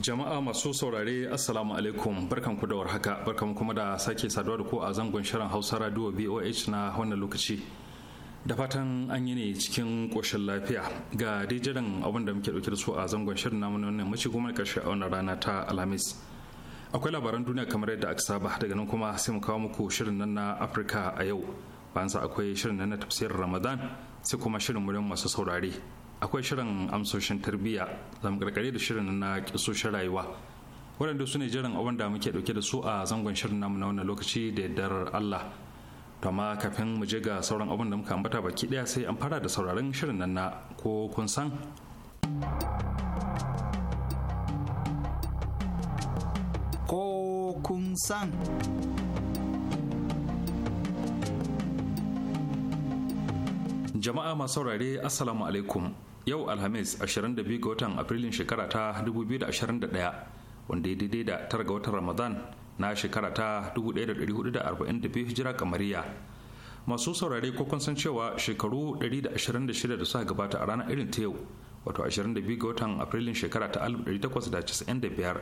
Jama'a masu saurare Assalamu alaikum ku da haka barkan kuma da sake saduwa da ku a zangon shirin Hausa Radio VOH na wannan lokaci. Da fatan an yi ne cikin ƙoshin lafiya ga dijirin abin da muke ɗauke da su a zangon shirin namun wannan mace kuma ƙarshe a wannan rana ta Alhamis. Akwai labaran duniya kamar yadda aka saba daga nan kuma sai mu kawo muku shirin nan na Afirka a yau. Bayan sa akwai shirin nan na tafsirin Ramadan sai kuma shirin murin masu saurare. akwai shirin amsoshin tarbiyya zamu karkare da shirin na kisoshin rayuwa waɗanda su ne jiran abin da muke ɗauke da su a zangon shirin namu na wannan lokaci da yardar Allah to amma kafin mu ga sauran abin da muka ambata baki ɗaya sai an fara da sauraron shirin nan na ko kun san ko kun san jama'a masu saurare assalamu alaikum yau alhamis 22 ga watan afrilun shekara ta 2021 wanda ya daidai da tara ga watan ramadan na shekara ta 1442 hijira kamariya masu saurare ko kun san cewa shekaru 126 da suka gabata a ranar irin ta yau wato 22 ga watan afrilun shekara ta 1895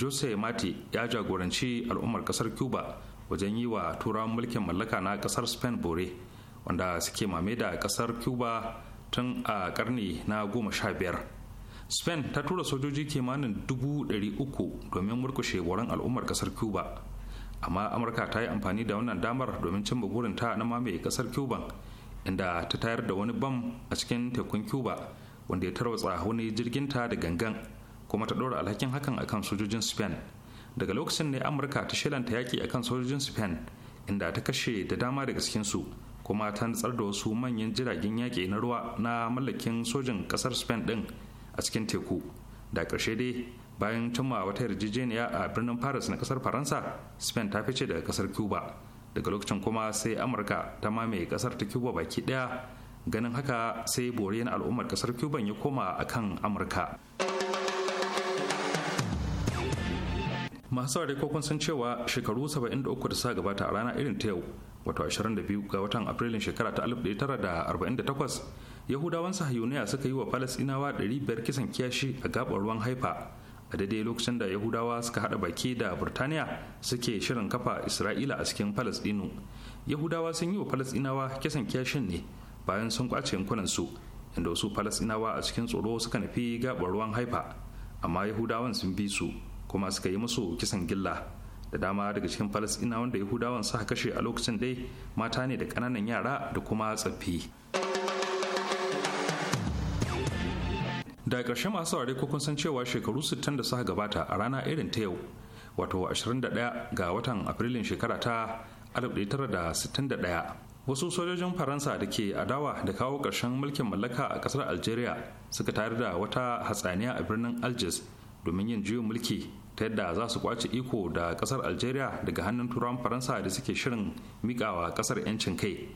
jose mati ya jagoranci al'ummar kasar cuba wajen yi wa turawan mulkin mallaka na kasar spain bore wanda suke mame da kasar cuba tun a karni na goma sha biyar spain ta tura sojoji kimanin dubu ɗari uku domin murkushe wurin al'ummar ƙasar cuba amma amurka ta yi amfani da wannan damar domin cimma burinta na mamaye kasar cuba inda ta tayar da wani bam a cikin tekun cuba wanda ya tarwatsa wani jirginta da gangan kuma ta ɗora alhakin hakan akan sojojin spain daga lokacin ne amurka ta shilanta yaƙi akan sojojin spain inda ta kashe da dama daga cikinsu su kuma ta nutsar da wasu manyan jiragen yaƙi na ruwa na mallakin sojin ƙasar spain ɗin a cikin teku da ƙarshe dai bayan cimma wata yarjejeniya a birnin paris na ƙasar faransa spain ta fice daga ƙasar cuba daga lokacin kuma sai amurka ta mamaye ƙasar ta cuba baki ɗaya ganin haka sai bore na al'ummar ƙasar cuban ya koma a kan amurka masu ko kokon san cewa shekaru 73 da sa gabata a rana irin ta yau wato 22 ga watan afrilun shekara ta 1948 yahudawan sahiyuniya suka yi wa falasinawa 500 kisan kiyashi a gabar ruwan haifa a daidai lokacin da yahudawa suka hada baki da burtaniya suke shirin kafa isra'ila a cikin falasdinu yahudawa sun yi wa falasdinawa kisan kiyashin ne bayan sun kwace yankunansu inda wasu falasdinawa a cikin tsoro suka nufi gabar ruwan haifa amma yahudawan sun bi su kuma suka yi musu kisan gilla da dama daga cikin falasɗina wanda yahudawan suka kashe a lokacin dai mata ne da ƙananan yara da kuma tsaffi da ƙarshe masu saurari ko kun san cewa shekaru 60 da suka gabata a rana irin ta yau wato 21 ga watan afrilun shekara ta 1961 wasu sojojin faransa da ke adawa da kawo ƙarshen mulkin mallaka a ƙasar algeria suka tayar da wata hatsaniya a birnin algiers domin yin juyin mulki ta yadda za su kwace iko da kasar algeria daga hannun turawan faransa da suke shirin mikawa kasar 'yancin kai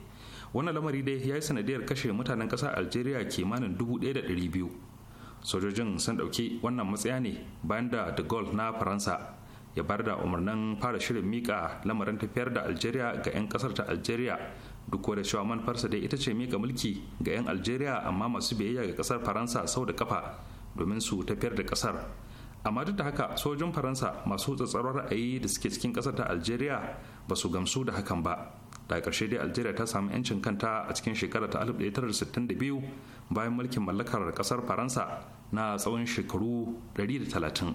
wannan lamari dai ya yi sanadiyar kashe mutanen kasar algeria kimanin dubu da biyu sojojin sun ɗauki wannan matsaya ne bayan da de gaulle na faransa ya bar da umarnin fara shirin mika lamarin tafiyar da algeria ga 'yan kasar ta algeria duk da cewa manufarsa dai ita ce mika mulki ga 'yan algeria amma masu biyayya ga kasar faransa sau da kafa domin su tafiyar da kasar amma duk da haka sojin faransa masu tsatsarwar ra'ayi da suke cikin ƙasar ta algeria ba su gamsu da hakan ba da karshe dai algeria ta samu 'yancin kanta a cikin shekarar ta 1962 bayan mulkin mallakar kasar faransa na tsawon shekaru 130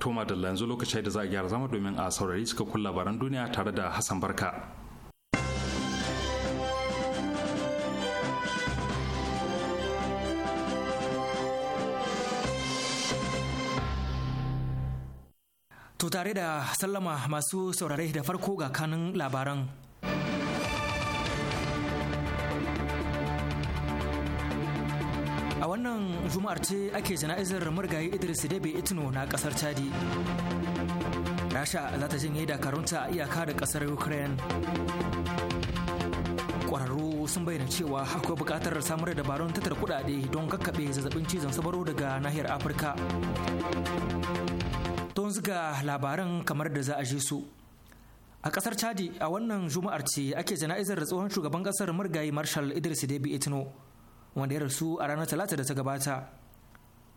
Toma da yanzu lokacin da za a gyara zama domin a saurari cikakkun labaran duniya tare da Hassan Barka. To tare da sallama masu saurare da farko ga kanin labaran juma'ar ce ake jana'izar murgaye idris debe itno na kasar chadi rasha za ta jinye dakarunta a iyaka da kasar ukraine kwararru sun bayyana cewa akwai bukatar samar da dabarun tattara kudade don kakkaɓe zazzabin cizon sabaro daga nahiyar afirka don ga labaran kamar da za a ji su a kasar chadi a wannan juma'ar ce ake jana'izar tsohon shugaban kasar murgaye marshal idris debi itno wanda ya rasu a ranar talata da ta gabata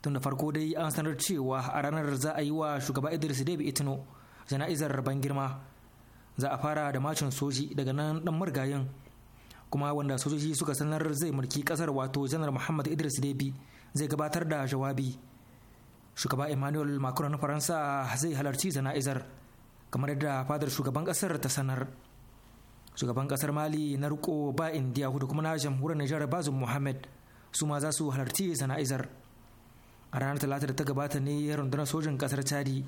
tun da farko dai an sanar cewa a ranar za a yi wa shugaba idris debi itino jana'izar ban girma za a fara da macin soji daga nan dan marigayin kuma wanda sojoji suka sanar zai mulki kasar wato janar muhammad idris debi zai gabatar da jawabi shugaba emmanuel macron na faransa zai halarci jana'izar kamar yadda fadar shugaban kasar ta sanar shugaban kasar mali na riko ba indiya hudu kuma na jamhuriyar nijar bazu muhammad su ma za su halarci sana'izar a ranar talata da ta gabata ne rundunar sojin kasar chadi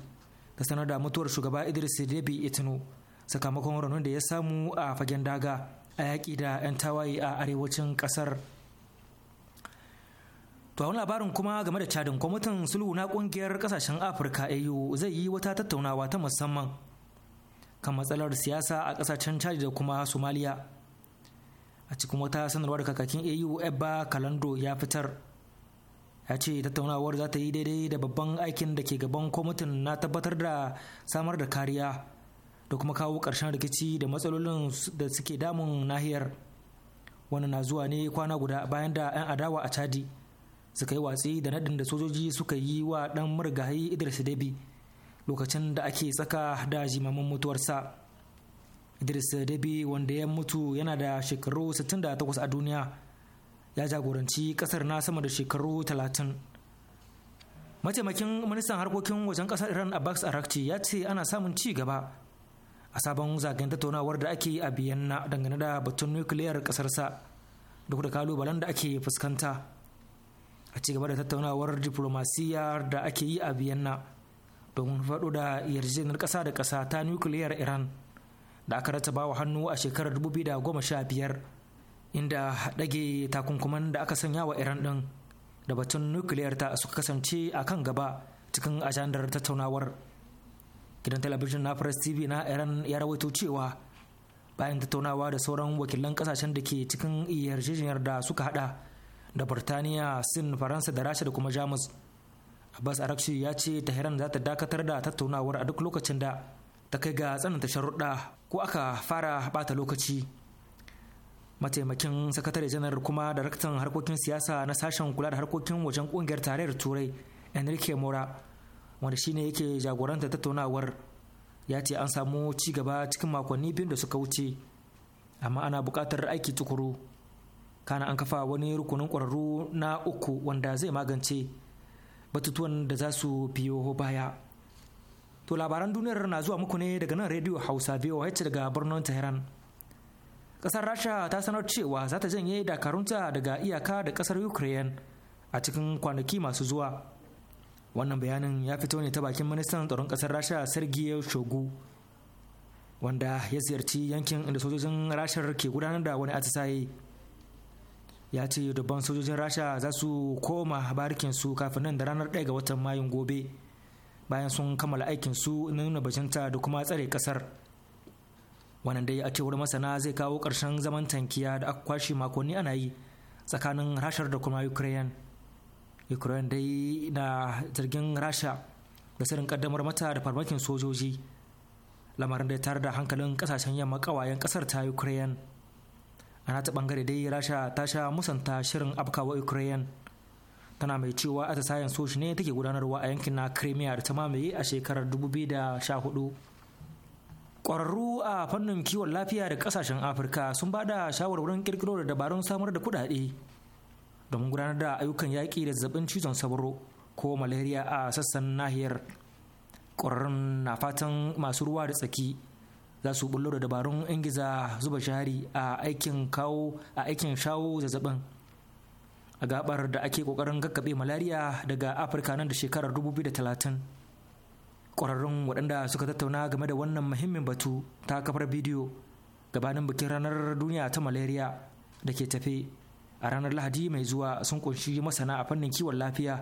da sanar da mutuwar shugaba idris debi itno sakamakon raunin da ya samu a fagen daga a yaƙi da 'yan tawaye a arewacin kasar to a wani labarin kuma game da cadin kwamitin sulhu na kungiyar kasashen afirka au zai yi wata tattaunawa ta musamman kan matsalar siyasa a kasashen chad da kuma somaliya a cikin wata sanarwar kakakin au ebba kalando ya fitar ya ce tattaunawar za ta yi daidai da babban aikin da ke gaban kwamitin na tabbatar da samar da kariya da kuma kawo ƙarshen rikici da matsalolin da suke damun nahiyar wannan na zuwa ne kwana guda bayan da 'yan adawa a chadi suka yi watsi da naɗin da sojoji suka yi wa ɗan marigayi idris debi lokacin da ake tsaka da jimamin mutuwarsa idris dabi wanda ya mutu yana da shekaru 68 a duniya ya jagoranci kasar na sama da shekaru 30 mataimakin ministan harkokin wajen kasar iran abbas arakci ya ce ana samun ci gaba a sabon zagayen tattaunawar da ake a biyanna dangane da batun nukiliyar kasarsa duk da kalubalen da ake fuskanta a ci gaba da tattaunawar diplomasiyyar da ake yi a biyanna domin faɗo da yarjejeniyar ƙasa da ƙasa ta nukiliyar iran da aka rataba wa hannu a shekarar sha biyar inda ɗage takunkuman da aka sanya wa iran ɗin da batun nukiliyar ta suka kasance a kan gaba cikin ajandar tattaunawar gidan talabijin na press tv na iran ya rawaito cewa bayan tattaunawa da sauran wakilan kasashen da ke cikin yarjejeniyar da suka hada da burtaniya sin faransa da rasha da kuma jamus abbas arakshi ya ce tehran za ta dakatar da tattaunawar a duk lokacin da ta kai ga tsananta sharuɗa ko aka fara bata lokaci mataimakin sakatare janar kuma daraktan harkokin siyasa na sashen kula da harkokin wajen ƙungiyar tarayyar turai enrique mora wanda shine yake jagoranta tattaunawar ya ce an samu ci gaba cikin makonni biyu da suka wuce amma ana buƙatar aiki tukuru kana an kafa wani rukunin ƙwararru na uku wanda zai magance batutuwan da za su biyo baya to labaran duniyar na zuwa muku ne daga nan rediyo hausa voh daga birnin tehran Ƙasar rasha ta sanar cewa za ta janye dakarunta daga iyaka da ƙasar ukraine a cikin kwanaki masu zuwa wannan bayanin ya fito ne ta bakin ministan tsaron ƙasar rasha sergei shogu wanda ya ziyarci yankin inda sojojin rashar ke gudanar da wani atisaye ya ce dubban sojojin rasha za su koma barikin su kafin nan da ranar 1 ga watan mayun gobe bayan sun kammala aikin su na nuna bajinta da kuma tsare kasar wannan dai a cewar masana zai kawo ƙarshen zaman tankiya da aka kwashe makonni ana yi tsakanin rashar da kuma ukraine ukraine dai na zargin rasha da sirrin kaddamar mata da farmakin sojoji lamarin da ya tare da hankalin kasashen yamma kawayen kasar ta ukraine a nata bangare dai rasha ta sha musanta shirin afkawa ukraine tana mai cewa sayan soshi ne take gudanarwa a yankin na crimea da ta mamaye a shekarar 2014 ƙwararru a fannin kiwon lafiya da ƙasashen afirka sun ba da shawarwarin kirkiro da dabarun samar da kuɗaɗe domin gudanar da ayyukan yaƙi da zazzabin cizon sauro ko malaria a sassan nahiyar ƙwararrun na fatan masu ruwa da tsaki za su bullo da dabarun ingiza zuba shari a aikin kawo a aikin shawo zazzabin a gabar da ake kokarin gaggabe malaria daga afirka nan da shekarar 2030 kwararrun waɗanda suka tattauna game da wannan muhimmin batu ta kafar bidiyo gabanin bikin ranar duniya ta malaria da ke tafe a ranar lahadi mai zuwa sun kunshi masana a fannin kiwon lafiya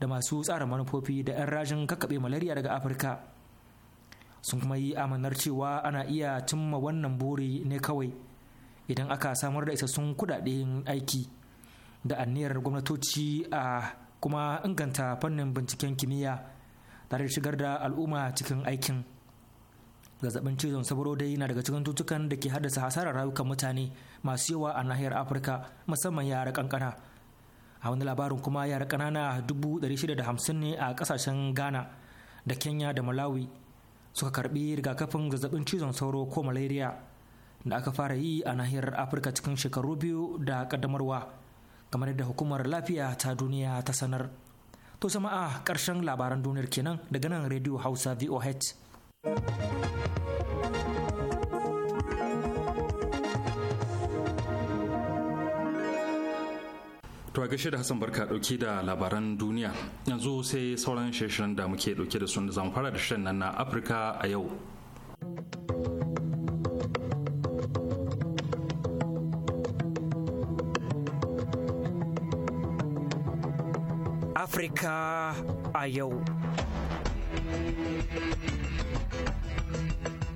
da masu tsara manufofi da 'yan rajin kakkaɓe malaria daga afirka sun kuma yi amanar cewa ana iya cimma wannan buri ne kawai idan aka samar da isassun kudaden aiki da anniyar gwamnatoci a kuma inganta fannin binciken kimiyya tare da shigar da al'umma cikin aikin zazzabin cizon sauro dai na daga cikin tutukan da ke haddasa hasarar rayukan mutane masu yawa a nahiyar afirka musamman yara kankana a wani labarin kuma yara kanana 650 ne a kasashen ghana da kenya da malawi suka karbi rigakafin zazzabin cizon sauro ko malaria da aka fara yi a nahiyar afirka cikin shekaru biyu da kaddamarwa kamar yadda hukumar lafiya ta duniya ta sanar to sama'a ƙarshen labaran duniyar kenan daga nan radio hausa voh To a gaishe da Hassan Barka dauke da labaran duniya. Yanzu sai sauran shirin da muke dauke da sun zan fara da shirin nan na Afirka a yau. Afirka a yau.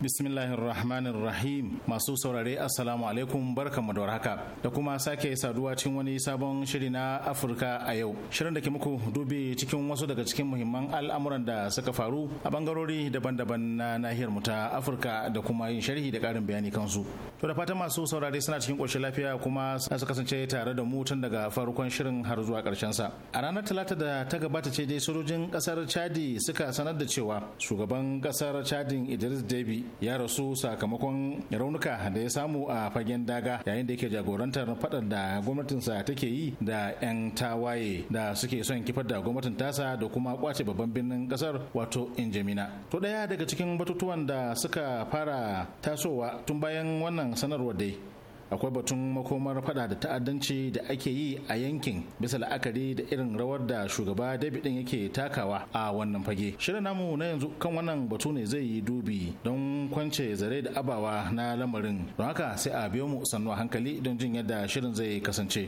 Bismillahirrahmanirrahim masu saurare assalamu alaikum mu da warhaka da kuma sake saduwa cikin wani sabon shiri na Afirka a yau. Shirin da ke muku dubi cikin wasu daga cikin muhimman al'amuran da suka faru a bangarori daban-daban na nahiyar mu ta Afirka da kuma yin sharhi da karin bayani kansu. To da fatan masu saurare suna cikin koshin lafiya kuma su kasance tare da mu tun daga farkon shirin har zuwa ƙarshen sa. A ranar Talata da ta gabata ce dai sojojin ƙasar Chadi suka sanar da cewa shugaban ƙasar Chadin Idris Deby ya rasu sakamakon raunuka da ya samu a fagen daga yayin da yake jagorantar faɗar da gwamnatinsa take yi da 'yan tawaye da suke son kifar da gwamnatin tasa da kuma kwace babban birnin kasar wato injamina to ɗaya daga cikin batutuwan da suka fara tasowa tun bayan wannan sanarwar dai akwai batun makomar fada da ta'addanci da ake yi a yankin bisa la'akari da irin rawar da shugaba david din yake takawa a wannan fage shirin namu na yanzu kan wannan batu ne zai yi dubi don kwance zare da abawa na lamarin don haka sai a biyo mu sannu a hankali don jin yadda shirin zai kasance.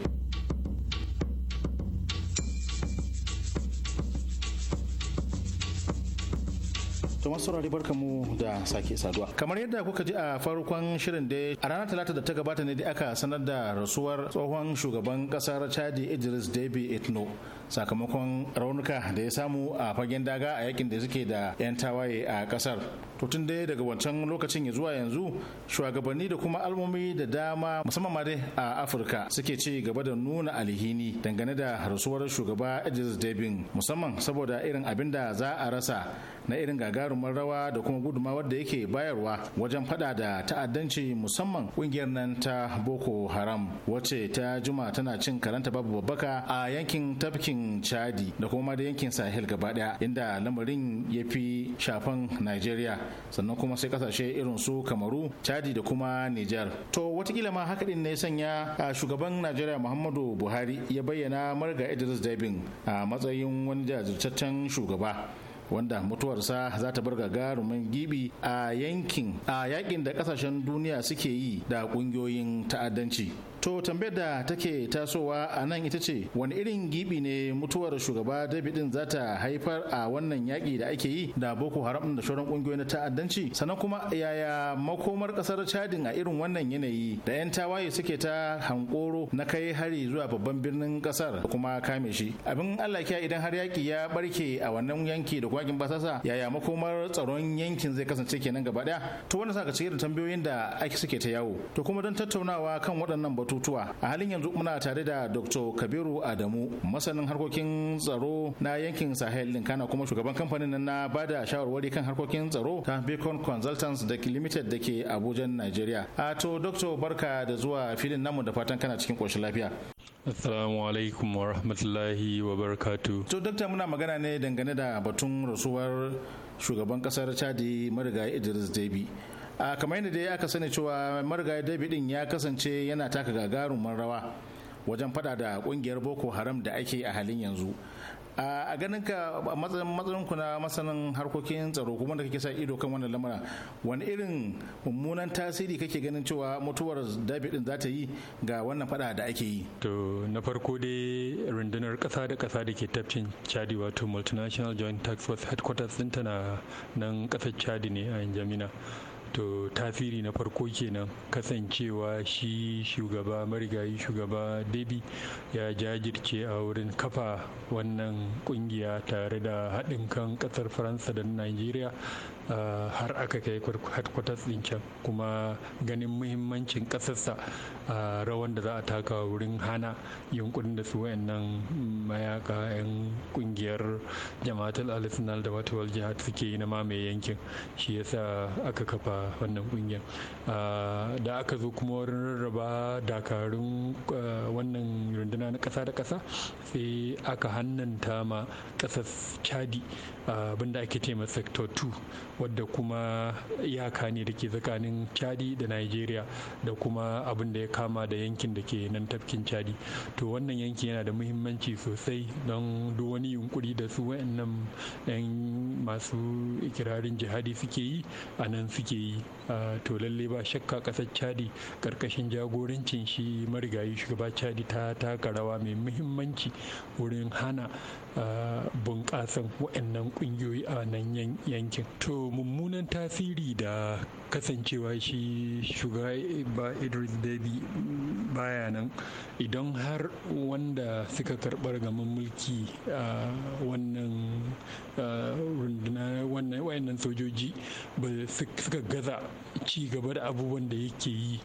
to masu saurari barka mu da sake saduwa kamar yadda kuka ji a farkon shirin da a ranar talata da ta gabata ne da aka sanar da rasuwar tsohon shugaban kasar chadi idris debi etno sakamakon raunuka da ya samu a fagen daga a yakin da suke da 'yan tawaye a kasar to tun dai daga wancan lokacin ya zuwa yanzu shugabanni da kuma al'ummi da dama musamman ma dai a afirka suke ci gaba da nuna alhini dangane da rasuwar shugaba idris debin musamman saboda irin abin da za a rasa na irin gagarumar rawa da kuma gudumawar da yake bayarwa wajen fada da ta'addanci musamman kungiyar nan ta boko haram wacce ta juma tana cin karanta babu babbaka a yankin tafkin yankin chadi da kuma da yankin sahel gaba daya inda lamarin ya fi shafan nigeria sannan kuma sai kasashe irin su kamaru chadi da kuma niger to watakila ma haka din ne sanya shugaban nigeria muhammadu buhari ya bayyana marga idris dabin a matsayin wani jajirtaccen shugaba wanda mutuwarsa za ta bar gagarumin gibi a yankin a yakin da kasashen duniya suke yi da kungiyoyin ta'addanci To tambayar da take tasowa a nan ita ce wani irin gibi ne mutuwar shugaba David din za ta haifar a wannan yaƙi da ake yi da Boko Haram da shoran ƙungiyoyin ta'addanci sannan kuma yaya makomar ƙasar Chadin a irin wannan yanayi da 'yan tawaye suke ta hankoro na kai hari zuwa babban birnin ƙasar da kuma kame shi. Abin Allah kiya idan har yaƙi ya barke a wannan yanki da kwagin basasa yaya makomar tsaron yankin zai kasance kenan gaba ɗaya. To wannan saka cike da tambayoyin da ake suke ta yawo. To kuma don tattaunawa kan waɗannan batu batutuwa a halin yanzu muna tare da dr kabiru adamu masanin harkokin tsaro na yankin sahel din kana kuma shugaban kamfanin nan na bada shawarwari kan harkokin tsaro ta beacon consultants da limited da ke abuja nigeria a to dr barka da zuwa filin namu da fatan kana cikin koshin lafiya Assalamu alaikum wa rahmatullahi wa barakatu. To, dokta muna magana ne dangane da batun rasuwar shugaban kasar Chadi marigayi Idris Deby. a kamar yadda dai aka sani cewa marigayi david din ya kasance yana taka gagarumin rawa wajen fada da kungiyar boko haram da ake a halin yanzu a ganin ka matsayin ku na masanin harkokin tsaro kuma da kake sa ido kan wannan lamura wani irin mummunan tasiri kake ganin cewa mutuwar david din za ta yi ga wannan fada da ake yi to na farko dai rundunar kasa da kasa da ke tafcin chadi wato multinational joint tax force headquarters din tana nan kasar chadi ne a jamina to tasiri na farko kenan kasancewa shi shugaba marigayi shugaba debi ya jajirce a wurin kafa wannan kungiya tare da haɗin kan ƙasar faransa da nigeria har aka kai headquarters ɗin can kuma ganin muhimmancin ƙasarsa rawan da za a taka wurin hana yunkurin da su wayannan mayaka 'yan kungiyar jama'atul alisunal da wata wal jihad suke yi na mamaye yankin shi yasa aka kafa wannan kungiyar da aka zo kuma wurin rarraba dakarun wannan runduna na ƙasa da ƙasa sai aka hannanta ma ƙasar chadi abinda ake ce sector 2 wadda kuma iyaka ne da ke tsakanin chadi da nigeria da kuma abin da ya kama da yankin da ke nan tafkin chadi to wannan yanki yana da muhimmanci sosai don duk wani yunkuri da su wayannan yan masu ikirarin jihadi suke yi a nan suke yi to lalle ba shakka kasar chadi karkashin jagorancin shi marigayi shugaba chadi ta taka rawa mai muhimmanci wurin hana bunƙasan waɗannan ƙungiyoyi a nan yankin to mummunan tasiri da kasancewa shi shuga ba idris dabi baya nan idan har wanda suka karɓar gaman mulki a wannan runduna wannan sojoji suka gaza ci gaba da abubuwan da yake yi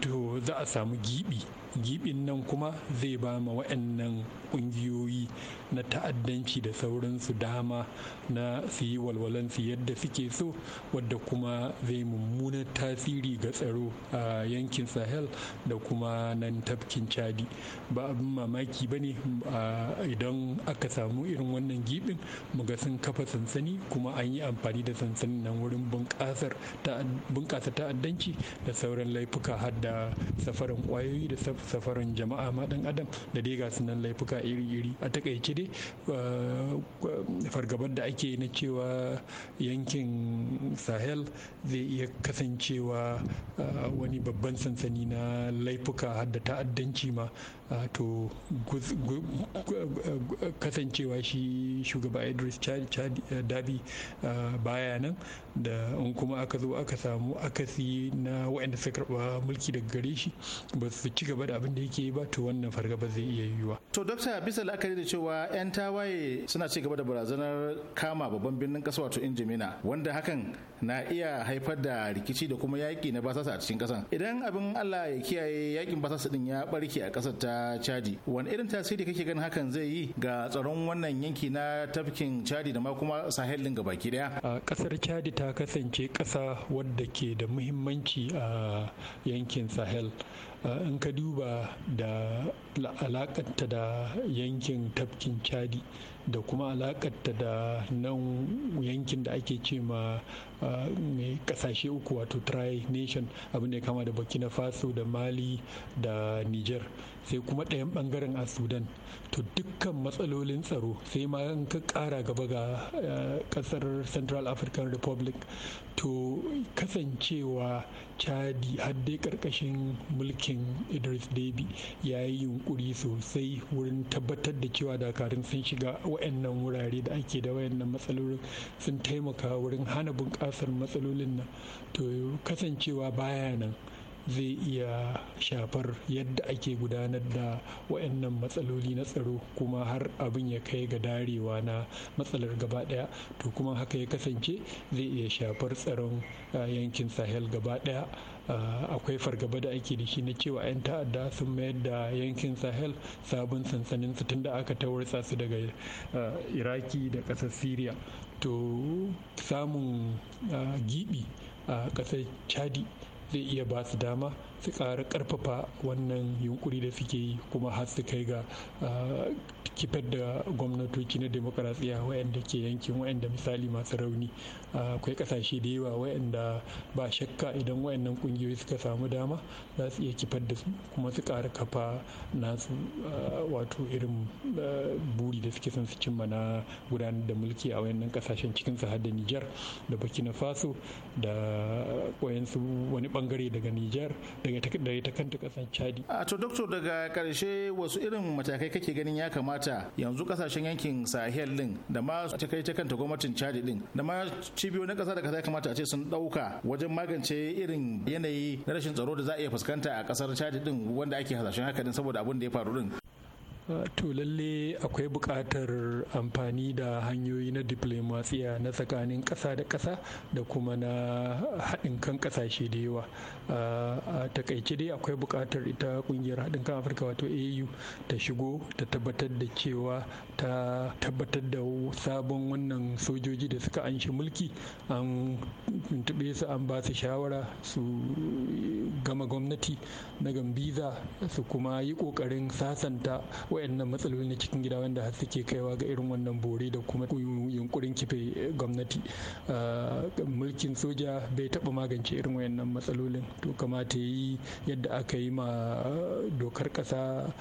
to za a samu giɓi giɓin nan kuma zai ba ma wa'annan ƙungiyoyi na ta'addanci da sauransu dama na su yi walwalan su yadda suke so wadda kuma zai mummuna tasiri ga tsaro a yankin sahel da kuma nan tafkin chadi ba abin mamaki ba ne idan aka samu irin wannan gibin muga sun kafa sansani kuma an yi amfani da sansanin nan wurin bunƙasa ta'addanci da sauran laifuka har da safarin kwayoyi da safarin jama'a ma dan adam da dai ga nan laifuka iri-iri a takaice dai fargabar da ake ake na cewa yankin sahel zai iya kasancewa ah, wani babban sansani na laifuka har da ta'addanci ma Ah, to kasancewa shi shugaba idris eh, dabi ah, baya nan da in kuma aka zo aka samu akasi na waɗanda suka karɓa mulki daga gare shi ba su ci gaba da abin da yake ba to wannan fargaba zai iya yiwuwa. to dokta bisa la'akari da cewa 'yan tawaye suna ci gaba da barazanar kama babban birnin ƙasa wato injimina wanda hakan na iya haifar da rikici da kuma yaƙi na basasa a cikin ƙasan idan abin Allah ya kiyaye yaƙin basasa din ya ɓarke a ƙasar ta Chadi wani irin tasiri kake ganin hakan zai yi ga tsaron wannan yanki na tafkin Chadi da ma kuma Sahel din gabaki daya a ƙasar Chadi ta kasance ƙasa wadda ke da muhimmanci a yankin Sahel in ka duba da alakarta da yankin tafkin chadi da kuma alakarta da nan yankin da ake ce ma kasashe uku wato tri nation abin da ya kama da burkina faso da mali da niger sai kuma ɗayan ɓangaren a sudan to dukkan matsalolin tsaro sai ma in ka ƙara gaba ga eh, ƙasar central african republic to kasancewa chadi har dai ƙarƙashin mulkin idris deby ya yi yunkuri sosai wurin tabbatar da cewa dakarun sun shiga wa'annan wurare da ake da wayannan matsalolin sun taimaka wurin hana bunƙasar matsalolin nan to kasancewa baya nan zai iya shafar yadda ake gudanar da wa'innan matsaloli na tsaro kuma har abin ya kai ga darewa na matsalar gaba daya to kuma haka ya kasance zai iya shafar tsaron yankin sahel gaba daya akwai fargaba da ake da shi na cewa 'yan ta'adda sun mayar da yankin sahel sabon sansanin su tunda aka tawarsa su daga iraki da ƙasar syria to samun gibi a ƙasar chadi zai iya ba su dama su ƙara ƙarfafa wannan yunkuri da suke yi kuma har su kai ga ah, kifar da gwamnatoci na demokarasiya wayanda ke yankin wayanda misali masu rauni ah, akwai ƙasashe da yawa wayanda ba shakka idan wayannan ƙungiyoyi suka samu dama za su iya kifar da su kuma su ƙara kafa nasu ah, wato irin buri da suke son su cimma na gudanar da mulki a wayannan ƙasashen cikin su har da Nijar da Burkina Faso da wani bangare daga Nijar daga ita kanta kasan chadi a to doctor daga karshe wasu irin matakai kake ganin ya kamata yanzu kasashen yankin sahel din da ma ta kai ta kanta gwamnatin chadi din da ma cibiyo na kasa da kasa ya kamata a ce sun dauka wajen magance irin yanayi na rashin tsaro da za a iya fuskanta a kasar chadi din wanda ake hasashen haka din saboda abin da ya faru din to lalle akwai buƙatar amfani da hanyoyi na diflomasiyya na tsakanin ƙasa da ƙasa da kuma na haɗin kan ƙasashe da yawa a takaice dai akwai buƙatar ita ƙungiyar haɗin kan afirka wato au ta shigo ta tabbatar da cewa ta tabbatar da sabon wannan sojoji da suka anshi mulki an tuntuɓe su an ba su shawara su gama gwamnati na gambiza su kuma yi ƙoƙarin sasanta wayannan matsaloli na cikin gida wanda har suke kaiwa ga irin wannan bore da kuma yunkurin kife gwamnati ah, mulkin soja bai taba magance irin wayannan matsalolin to kamata yi yadda aka yi ma ah, dokar kasa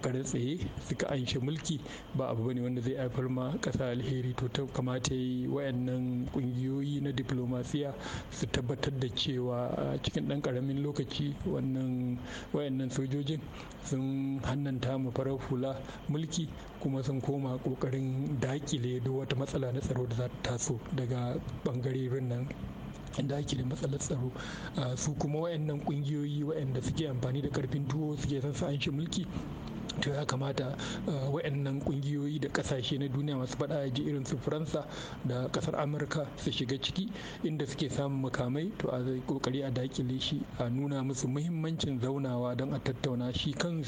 karin ah, tsaye suka anshe mulki ba abu bane wanda zai haifar ma kasa alheri to ta kamata yi wayannan ƙungiyoyi na diplomasiya su tabbatar da cewa cikin ɗan karamin lokaci wannan wayannan sojojin sun hannanta mu farar kula mulki kuma sun koma kokarin dakile duk wata matsala na tsaro da za ta taso daga bangarorin nan da matsalar tsaro ah, su kuma wayannan kungiyoyi wayanda suke amfani da karfin tuwo suke san su an shi mulki to ya kamata eh, waɗannan ƙungiyoyi da ƙasashe na duniya masu faɗa ji irin su faransa da ƙasar amurka su shiga ciki inda suke samun makamai to a zai ƙoƙari a dakile shi a nuna musu muhimmancin zaunawa don a tattauna shi kan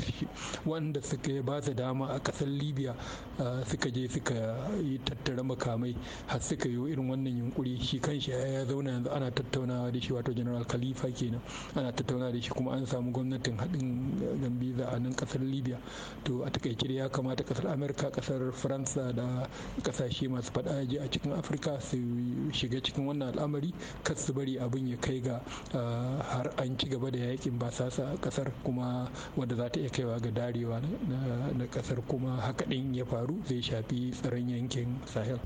wanda suka ba su dama a ƙasar libya eh, suka je suka yi tattara makamai har suka yi irin wannan yunkuri shi kan shi ya zauna yanzu ana tattaunawa da shi wato general khalifa kenan ana tattaunawa da shi kuma an samu gwamnatin haɗin gambiza a nan ƙasar libya to a takaice ya kamata kasar amurka kasar faransa da kasashe masu faɗa a cikin afirka su shiga cikin wannan al'amari kar su bari abin ya kai ga har an ci gaba da yakin basasa a kasar kuma wadda za ta iya kaiwa ga darewa na kasar kuma haka ɗin ya faru zai shafi tsaron yankin sahel.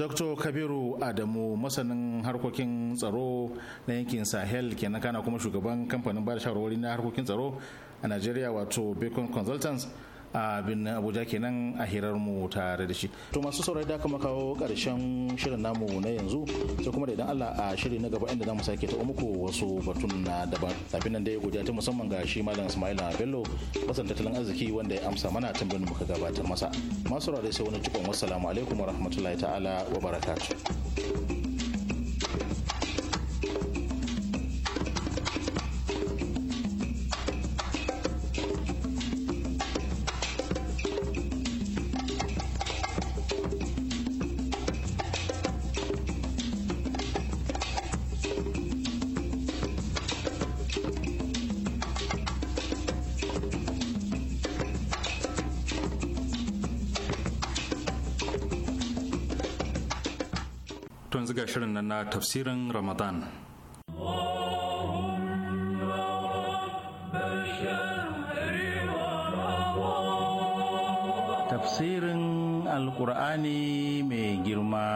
dr kabiru adamu masanin harkokin tsaro na yankin sahel kenan kana kuma shugaban kamfanin bada shawarwari na harkokin tsaro a Najeriya, wato bacon consultants a birnin abuja kenan a hirar mu tare da shi to masu saurari da kuma kawo karshen shirin namu na yanzu sai kuma da idan allah a shiri na gaba inda zamu sake ta muku wasu batun na daban kafin nan dai godiya ta musamman ga shi malam Ismail bello kasan tattalin arziki wanda ya amsa mana tambayoyin muka gabatar masa masu saurari sai wani cikon wassalamu alaikum warahmatullahi ta'ala wa barakatuh ga shirin nan na tafsirin Ramadan. Tafsirin alkur'ani mai girma.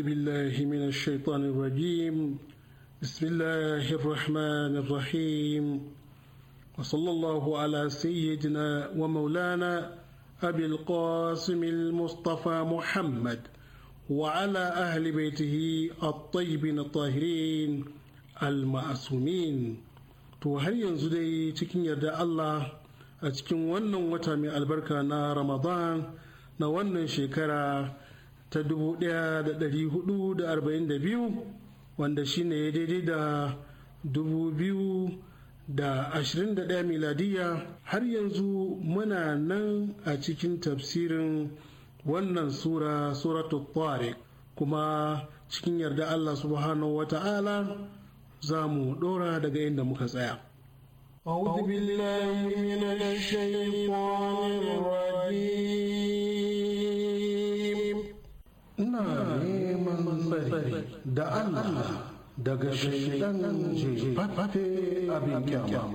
أعوذ بالله من الشيطان الرجيم بسم الله الرحمن الرحيم وصلى الله على سيدنا ومولانا أبي القاسم المصطفى محمد وعلى أهل بيته الطيبين الطاهرين المعصومين to har yanzu dai cikin yarda Allah a cikin wannan wata mai albarka na Ramadan na wannan shekara ta 1442 wanda shine ya daidai da 2021 miladiya har yanzu muna nan a cikin tafsirin wannan sura suratu tariq kuma cikin yarda Allah subhanahu wa ta'ala za mu ɗora daga inda muka tsaya. أعوذ بالله من الشيطان الرجيم ina neman tsari da Allah daga shaidan jefafe abin kyama.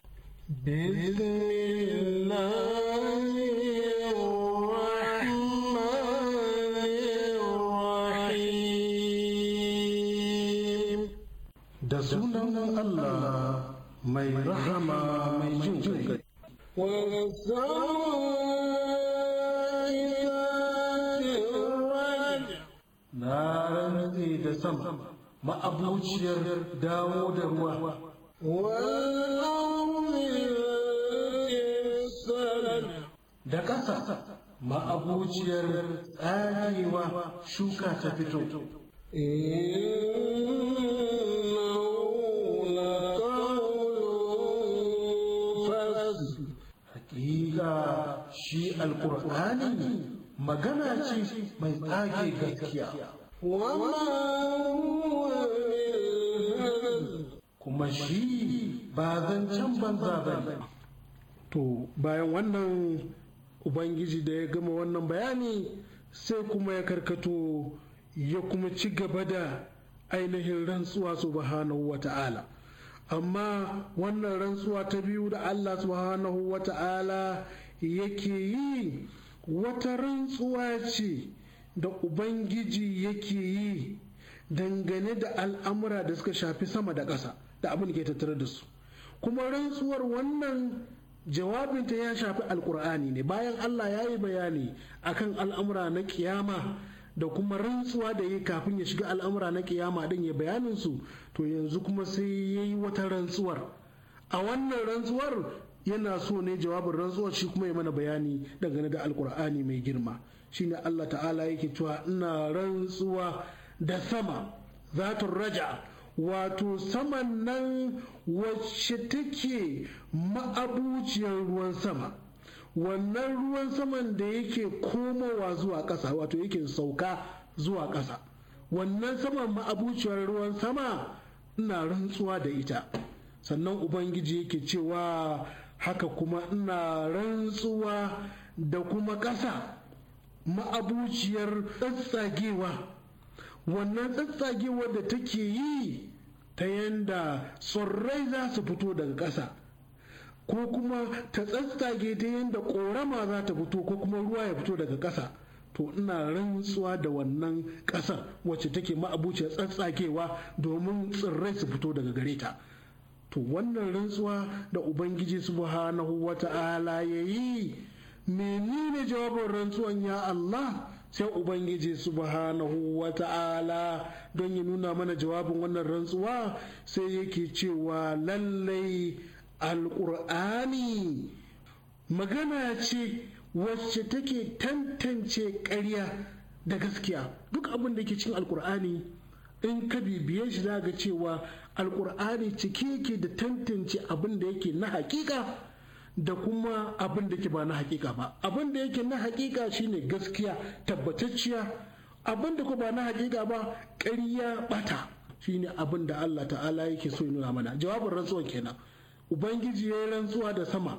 Da sunan Allah mai rahama mai jin sama ma'abuciyar dawo da ruwa da ƙasa ma'abuciyar tsarewa shuka ta fito hakika shi alkur'ani magana ce mai tsage gaskiya وما kuma shi ba شي banza ba ne. to bayan wannan ubangiji da ya gama wannan bayani sai kuma ya karkato ya kuma ci gaba da ainihin rantsuwa subhanahu wa ta'ala amma wannan rantsuwa ta biyu da Allah subhanahu wa ta'ala yake yi wata rantsuwa ce da ubangiji yake yi dangane da al'amura da suka shafi sama da ƙasa da abin ke tattare da su kuma rantsuwar wannan jawabinta ya shafi alkur'ani ne bayan allah ya yi bayani akan al'amura na kiyama da kuma rantsuwa da ya kafin ya shiga al'amura na kiyama din ya bayanin su to yanzu kuma sai ya yi wata rantsuwar a wannan rantsuwar yana so ne jawabin rantsuwar shi kuma ya mana bayani dangane da alkur'ani mai girma shine Allah ta'ala yake cewa ina rantsuwa da sama zatun raja wato saman nan wacce take ma'abuciyar ruwan sama wannan ruwan saman da yake komowa zuwa ƙasa wato yake sauka zuwa ƙasa wannan saman ma'abuciyar ruwan sama ina rantsuwa da ita sannan ubangiji yake cewa haka kuma ina rantsuwa da kuma ƙasa ma'abuciyar tsatsagewa wannan tsatsagewar da take yi ta yanda tsirrai za su fito daga ƙasa ko kuma ta tsatsage ta yanda ƙorama za ta fito ko kuma ruwa ya fito daga ƙasa to ina rantsuwa da wannan ƙasar wacce take ma'abuciyar tsatsagewa domin tsirrai su fito daga gare ta to wannan rantsuwa da ubangiji subhanahu wata'ala ya yi menene jawabin rantsuwan ya Allah sai ubangiji subhanahu wa ta'ala don ya nuna mana jawabin wannan rantsuwa sai yake cewa lallai alƙur'ani magana ce wacce take tantance ƙarya da gaskiya duk abin da ke cin alƙur'ani in ka bibiye shi za ga cewa alƙur'ani cike yake da tantance abin da yake na hakika da kuma abin da ke ba na hakika ba abin da yake na hakika shine gaskiya tabbatacciya abin da ku ba na hakika ba ƙarya bata shine abin da Allah ta'ala yake so nuna mana jawabin rantsuwa kenan ubangiji ya rantsuwa da sama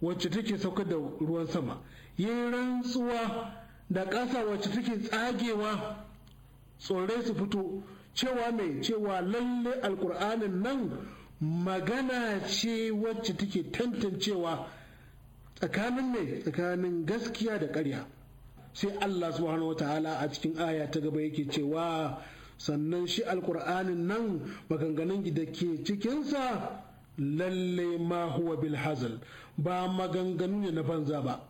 wacce take sauka da ruwan sama ya rantsuwa da ƙasa wacce take tsagewa tsorai su fito cewa mai cewa lalle alkur'anin nan magana ce wacce take tantancewa tsakanin ne tsakanin gaskiya da ƙarya sai Allah subhanahu wa ta'ala a cikin aya ta gaba yake cewa sannan shi alkur'anin nan maganganun da ke cikinsa lalle ma huwa bil ba maganganu ne na banza ba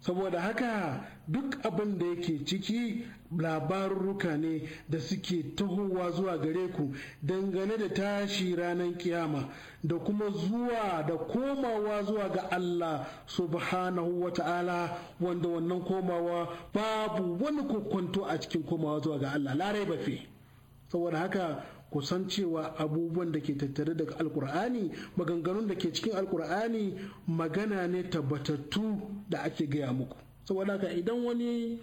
saboda haka duk abin da yake ciki labarurruka ne da suke tahowa zuwa gare ku dangane da tashi ranar kiyama da kuma zuwa da komawa zuwa ga Allah subhanahu wa ta'ala wanda wannan komawa babu wani kokonto a cikin komawa zuwa ga Allah larai ba fi saboda haka kusan cewa abubuwan da ke tattare daga alkur'ani maganganun da ke cikin alkur'ani magana ne tabbatattu da ake gaya muku saboda haka idan wani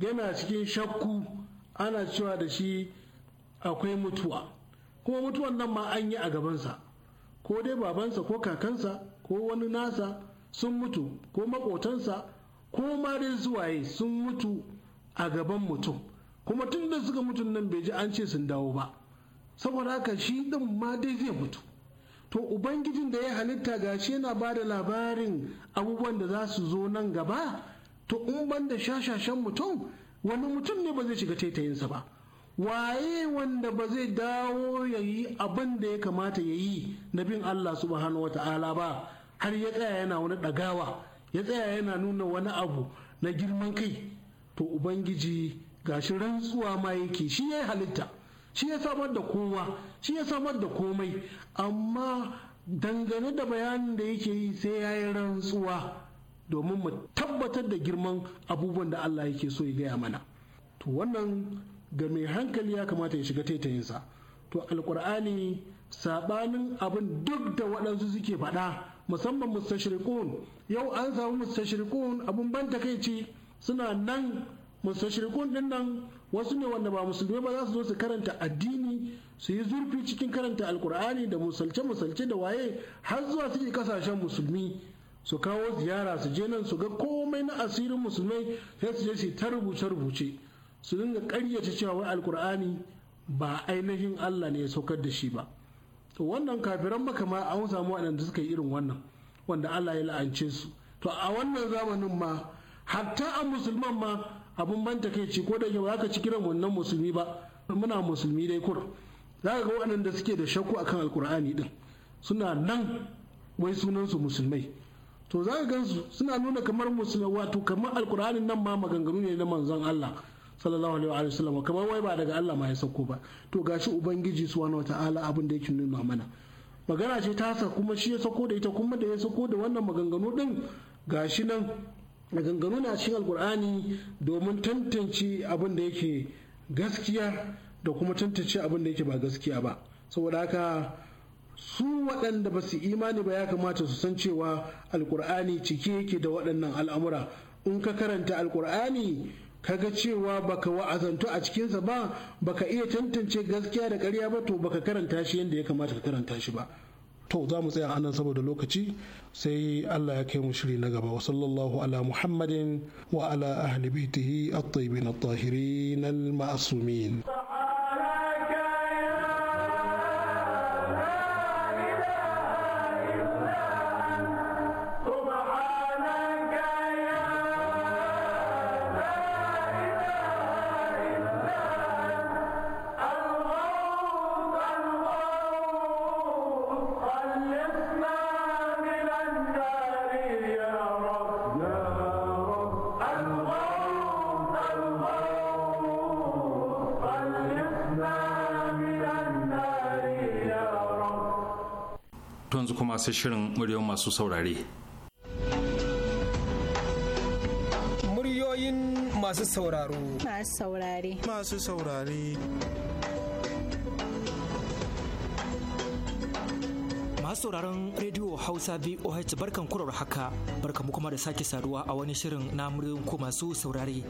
yana cikin shakku ana cewa da shi akwai mutuwa kuma mutuwan nan ma an yi a gabansa ko dai babansa ko kakansa ko wani nasa sun mutu ko makotansa ko ma dai zuwaye sun mutu a gaban mutum kuma tun da suka mutu nan bai ji an ce sun dawo ba saboda haka shi din ma dai zai mutu to ubangijin da ya halitta gashi yana ba da labarin abubuwan da za su zo nan gaba to in ban da shashashen mutum wani mutum ne ba zai shiga taitayinsa ba waye wanda ba zai dawo ya yi abin da ya kamata ya yi na bin Allah subhanahu wa ta'ala ba har ya tsaya yana wani ɗagawa ya tsaya yana nuna wani abu na girman kai to ubangiji gashi rantsuwa ma yake shi ya halitta shi ya samar da kowa shi ya samar da komai amma dangane da bayanin da yake yi sai ya yi rantsuwa domin mu tabbatar da girman abubuwan da Allah yake so ya gaya mana to wannan ga mai hankali ya kamata ya shiga taitayinsa to alkur'ani sabanin abin duk da waɗansu suke faɗa musamman mustashriqun yau an samu mustashriqun abin ban takaici, suna nan mustashriqun din nan wasu ne wanda ba musulmi ba za su zo su karanta addini su yi zurfi cikin karanta alkur'ani da musalce musalce da waye har zuwa suke kasashen musulmi su kawo ziyara su je nan su ga komai na asirin musulmai sai su je su ta rubuce rubuce su dinga ƙaryata cewa wai alkur'ani ba ainihin Allah ne ya saukar da shi ba to wannan kafiran maka ma an samu waɗanda suka yi irin wannan wanda Allah ya la'ance su to a wannan zamanin ma hatta a musulman ma abun ban ta ci ko da yake ba ka ci kiran wannan musulmi ba muna musulmi dai kur za ka ga waɗanda suke da shakku akan alkur'ani din suna nan wai sunansu musulmai to za ka gansu suna nuna kamar musulmi wato kamar alkur'anin nan ma maganganu ne na manzon Allah sallallahu alaihi wa sallam kamar wai ba daga Allah ma ya sauko ba to gashi ubangiji subhanahu wataala abin da yake nuna mana magana ce ta sa kuma shi ya sauko da ita kuma da ya sauko da wannan maganganu din gashi nan maganganu na cikin alkur'ani domin tantance abin da yake gaskiya da kuma tantance abin da yake ba gaskiya ba saboda haka su waɗanda ba su imani ba ya kamata su san cewa alkur'ani cike yake da waɗannan al'amura in ka karanta alkur'ani kaga cewa baka wa'azantu a cikinsa ba baka iya tantance gaskiya da ƙarya ba to baka karanta shi yadda ya kamata ka karanta shi ba to za mu tsaya anan saboda lokaci sai Allah ya kai mu shiri na gaba wa sallallahu ala muhammadin wa ala ahli baitihi at-tayyibin at-tahirin al-ma'sumin yanzu kuma sai shirin muryoyin masu saurare muryoyin masu sauraro masu saurare masu saurare sauraron Radio Hausa VOH barkan kurar haka barka mu kuma da sake saduwa a wani shirin na muryoyin ku masu saurare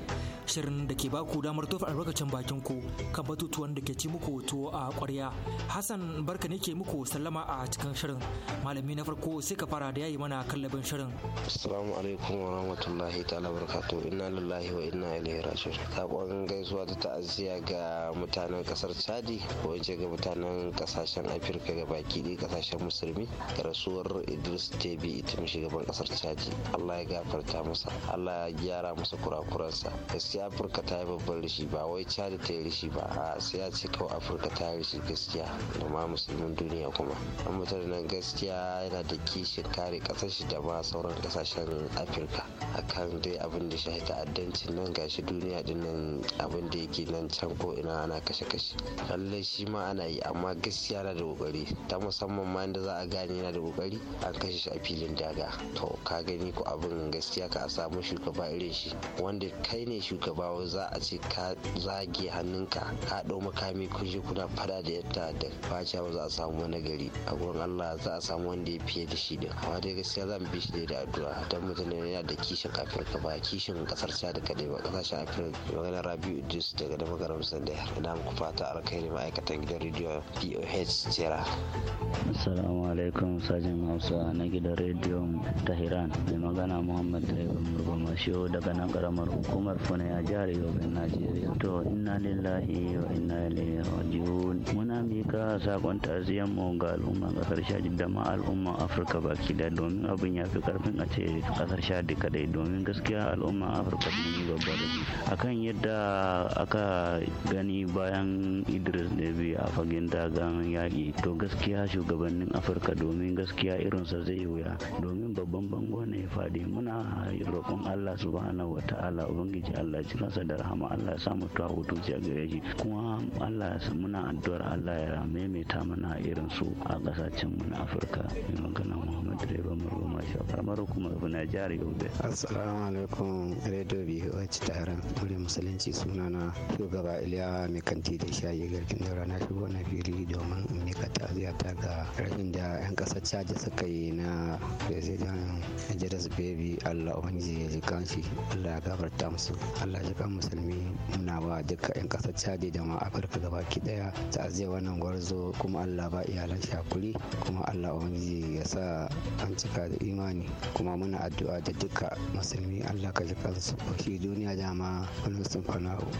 shirin da ke baku damar tofa albarkacin bakin ku kan batutuwan da ke ci muku tuwo a ƙwarya. Hassan barka ne ke muku sallama a cikin shirin malami na farko sai ka fara da yayi mana kallabin shirin. Assalamu alaikum wa rahmatullahi ta'ala barakatu inna lillahi wa inna ilaihi raji'un. Sakon gaisuwa ta ta'aziyya ga mutanen kasar Chadi ko ga mutanen kasashen Afirka ga baki ɗaya kasashen Musulmi musulmi rasuwar idris tebi mai shugaban kasar caji allah ya gafarta masa allah ya gyara masa kurakuransa gaskiya afirka ta yi babban rishi ba wai chadi ta yi rishi ba a sai ya ce kawai afirka ta yi rishi gaskiya da ma musulmin duniya kuma an mutar nan gaskiya yana da kishin kare kasar shi da ma sauran kasashen afirka akan dai abin da shahi ta'addancin nan gashi duniya din nan abin da yake nan can ko ina ana kashe-kashe lallai shi ma ana yi amma gaskiya na da kokari ta musamman ma inda za a gane yana da kokari an kashe shi a filin daga to ka gani ko abin gaskiya ka a samu shugaba irin shi wanda kai ne shugaba za a ce ka zage hannunka ka ɗau makami kun kuna fada da yadda da faca ba za a samu wani gari a gurin Allah za a samu wanda ya fiye da shi din amma dai gaskiya zan bi shi da addu'a dan mutane yana da kishin Afirka ba kishin kasar da kadai ba kasashen Afirka magana Rabiu Idris daga da magaram sanda ina muku fata alkhairi ma'aikatan gidan rediyo POH Jera assalamu alaikum sajin hausa na gidan rediyon tahiran mai magana muhammad direban Masho daga nan karamar hukumar Fune a jihar Yobe Najeriya. To inna lillahi wa inna ilaihi raji'un. Muna mika sakon tarziyan mu ga al'umma kasar Shadi da ma al'umma Afirka baki da domin abin ya fi karfin a ce kasar Shadi kadai domin gaskiya al'umma Afirka sun yi babba Akan yadda aka gani bayan Idris Deby a fagen dagan yaƙi to gaskiya shugabannin Afirka domin gaskiya irinsa zai wuya domin babban bango ne ya faɗi muna roƙon Allah subhanahu wa ta'ala ubangiji Allah ji kansa da rahama Allah ya samu tuwa hutunci a gare shi kuma Allah ya muna addu'ar Allah ya ta mana irin su a kasashen mu na Afirka mai magana Muhammad Direba Marwa Masha Farmar kuma na jihar Yobe Assalamu alaikum Radio ta Taron Kure Musulunci sunana shugaba Iliya mai kanti da shayi garkin daura na shigo na fili domin in mika ta ga rashin da 'yan kasar caji suka yi na President Idris Baby Allah Ubangiji ya ji kan shi Allah ya gafarta musu Allah ya kan musulmi muna ba duka yan kasar Chadi da ma Afirka gaba ki daya azai wannan gwarzo kuma Allah ba iyalan shakuri kuma Allah ubangiji ya sa an cika da imani kuma muna addu'a da duka musulmi Allah ka ji kansu shi duniya ma kullum sun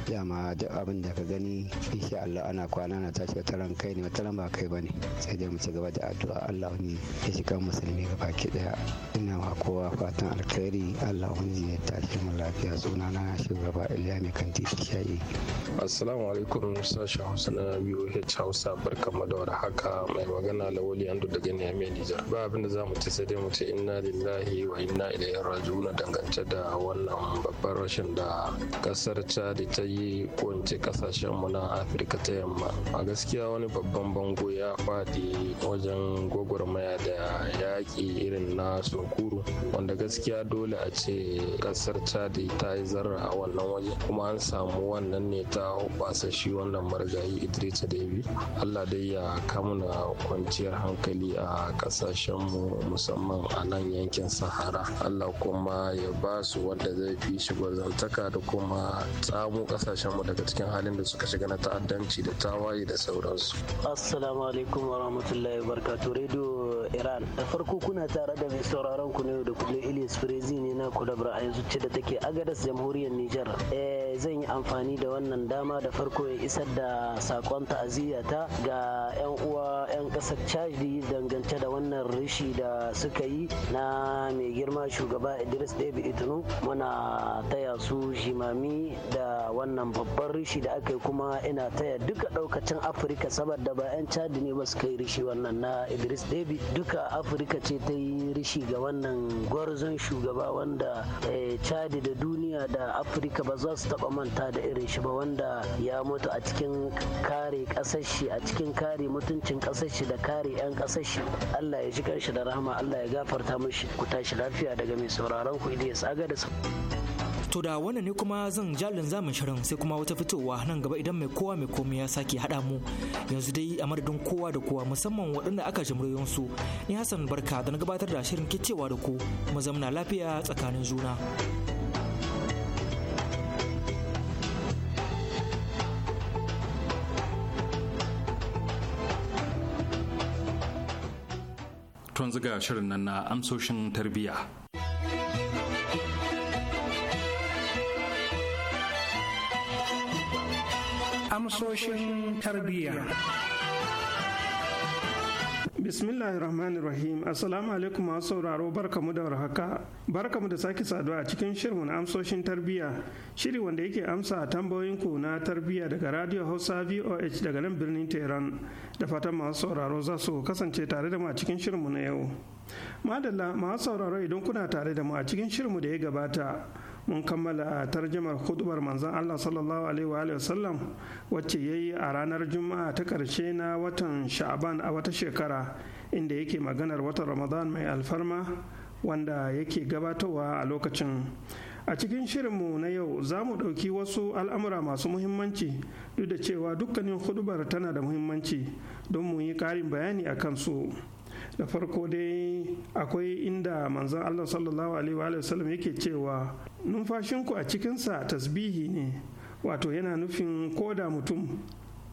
ya ma duk abin da ka gani insha Allah ana kwana na tashi ta ran kai ne ta ran ba kai bane sai dai mu ci gaba da addu'a Allah ne ya shiga musulmi gaba ki daya ina wa kowa fatan alkhairi Allah ne Ubangiji ya tashi mu lafiya suna na shugaba Iliya mai titi shayi. Assalamu alaikum sashen Hausa na h Hausa barkamu da haka mai magana Lawali Andu daga Niamey Nijar. Ba abin da zamu ci sai mu ce inna lillahi wa inna ilaihi raji'un dangance da wannan babbar rashin da kasar Chad ta yi ko in ce kasashen mu na Afirka ta yamma. A gaskiya wani babban bango ya faɗi wajen gwagwarmaya da yaƙi irin na sunkuru wanda gaskiya dole a ce kasar chadi ta yi zarra a wannan waje kuma an samu wannan ne ta hubasa shi wannan marigayi da debi allah dai ya na kwanciyar hankali a mu musamman a nan yankin sahara allah kuma ya ba su wanda zai fi shi gwarzantaka da kuma tsamo mu daga cikin halin da suka shiga na ta'addanci da tawaye da sauransu assalamu alaikum wa rahmatullahi wa radio iran da farko kuna tare da mai sauraron ku ne da kullum ilis firezi ne na kudabra a yanzu ce da take agadas jamhuriyar Nijar. Eh, zan yi amfani da wannan dama da farko ya isar da sakon ta'aziyya ta ga 'yan uwa 'yan kasar Chadi dangance da wannan rishi da suka yi na mai girma shugaba Idris Deby Itunu muna taya su shimami da wannan babban rishi da aka yi kuma ina taya duka daukacin Afirka saboda ba 'yan Chadi ne ba su kai rishi wannan na Idris Deby duka Afirka ce ta yi rishi ga wannan gwarzon shugaba wanda Eh, chadi da duniya da afirka ba za su taba manta da irin shi ba wanda ya mutu a cikin kare kasar a cikin kare mutuncin kasar da kare 'yan kasar allah ya ji kanshi da rahama allah ya gafarta mushi ku tashi lafiya daga mai sauraron ku idiyas aga To da wannan ne kuma zan jalin zamun shirin sai kuma wata fitowa nan gaba idan mai kowa mai komai ya sake haɗa mu yanzu dai a madadin kowa da kowa musamman waɗanda aka jimriyon su ni Hassan Barka da na gabatar da shirin kicewa da ku mu zamna lafiya tsakanin juna. Tun ziga shirin nan na amsoshin tarbiyya. amsoshin tarbiyya. bismillahir rahmanir rahim assalamu alaikum masu sauraro barkamu da warhaka barkamu da sake saduwa a cikin shirin amsoshin tarbiyya shiri wanda yake amsa a tambayoyin ku na tarbiyya daga radio hausa voh daga nan birnin tehran da fatan masu sauraro za su kasance tare da mu a cikin shirinmu na yau madalla masu sauraro idan kuna tare da mu a cikin shirinmu da ya gabata mun kammala tarjimar hudubar manzon Allah sallallahu alaihi wa sallam wacce ya yi a ranar juma'a ta karshe na watan sha'aban a wata shekara inda yake maganar watan ramadan mai alfarma wanda yake gabatarwa a lokacin a cikin shirinmu na yau za mu ɗauki wasu al'amura masu muhimmanci duk da cewa dukkanin hudubar tana da muhimmanci don mu yi ƙarin bayani a kansu. su da farko dai akwai inda manzon Allah sallallahu alaihi wa yake cewa numfashinku a cikinsa tasbihi ne wato yana nufin koda mutum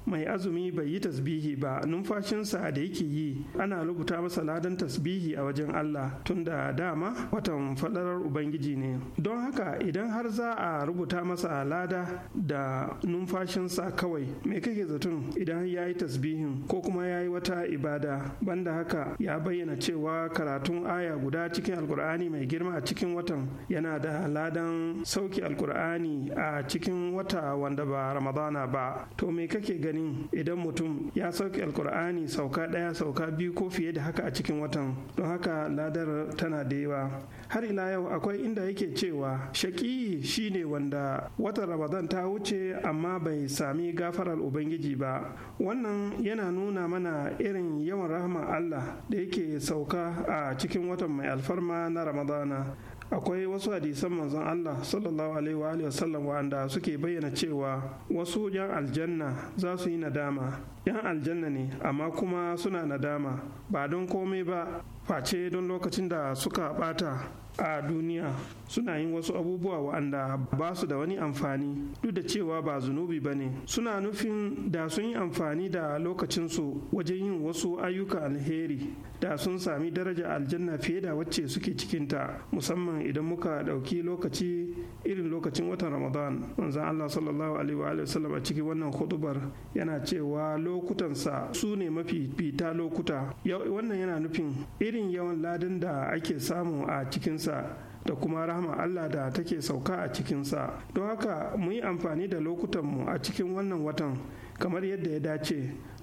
mai azumi bai yi tasbihi ba numfashinsa da yake yi ana rubuta masa ladan tasbihi a wajen Allah tunda dama watan fadarar ubangiji ne don haka idan har za a rubuta masa lada da numfashinsa kawai mai kake zaton idan ya yi tasbihin ko kuma ya yi wata ibada banda haka ya bayyana cewa karatun aya guda cikin alkur'ani mai girma a cikin watan yana da ladan sauki alkur'ani a cikin wata wanda ba ramadana ba to me kake gani ganin idan mutum ya sauke alkur'ani sauka ɗaya sauka biyu ko fiye da haka a cikin watan don haka ladar tana da yawa har ila yau akwai inda yake cewa shaƙi shine wanda watan ramadan ta wuce amma bai sami gafarar ubangiji ba wannan yana nuna mana irin yawan rahama allah da yake sauka a cikin watan mai alfarma na ramadana akwai wasu hadisan manzon Allah sallallahu alaihi wa alihi wasallam suke bayyana cewa wasu yan aljanna za su yi nadama yan aljanna ne amma kuma suna nadama ba don komai ba face don lokacin da suka bata a duniya suna yin wasu abubuwa wa'anda ba su da wani amfani duk da cewa ba zunubi ba ne suna nufin da sun yi amfani da lokacinsu wajen yin wasu ayyuka alheri da sun sami daraja aljanna fiye da wacce suke cikinta musamman idan muka ɗauki lokaci irin lokacin watan ramadan manzan allah sallallahu alaihi wa sallam a cikin wannan hudubar yana cewa lokutansa su ne mafi fita lokuta wannan yana nufin irin yawan ladin da ake samu a cikinsa da kuma rahama Allah da take sauka a cikinsa don haka mu yi amfani da lokutanmu a cikin wannan watan kamar yadda ya dace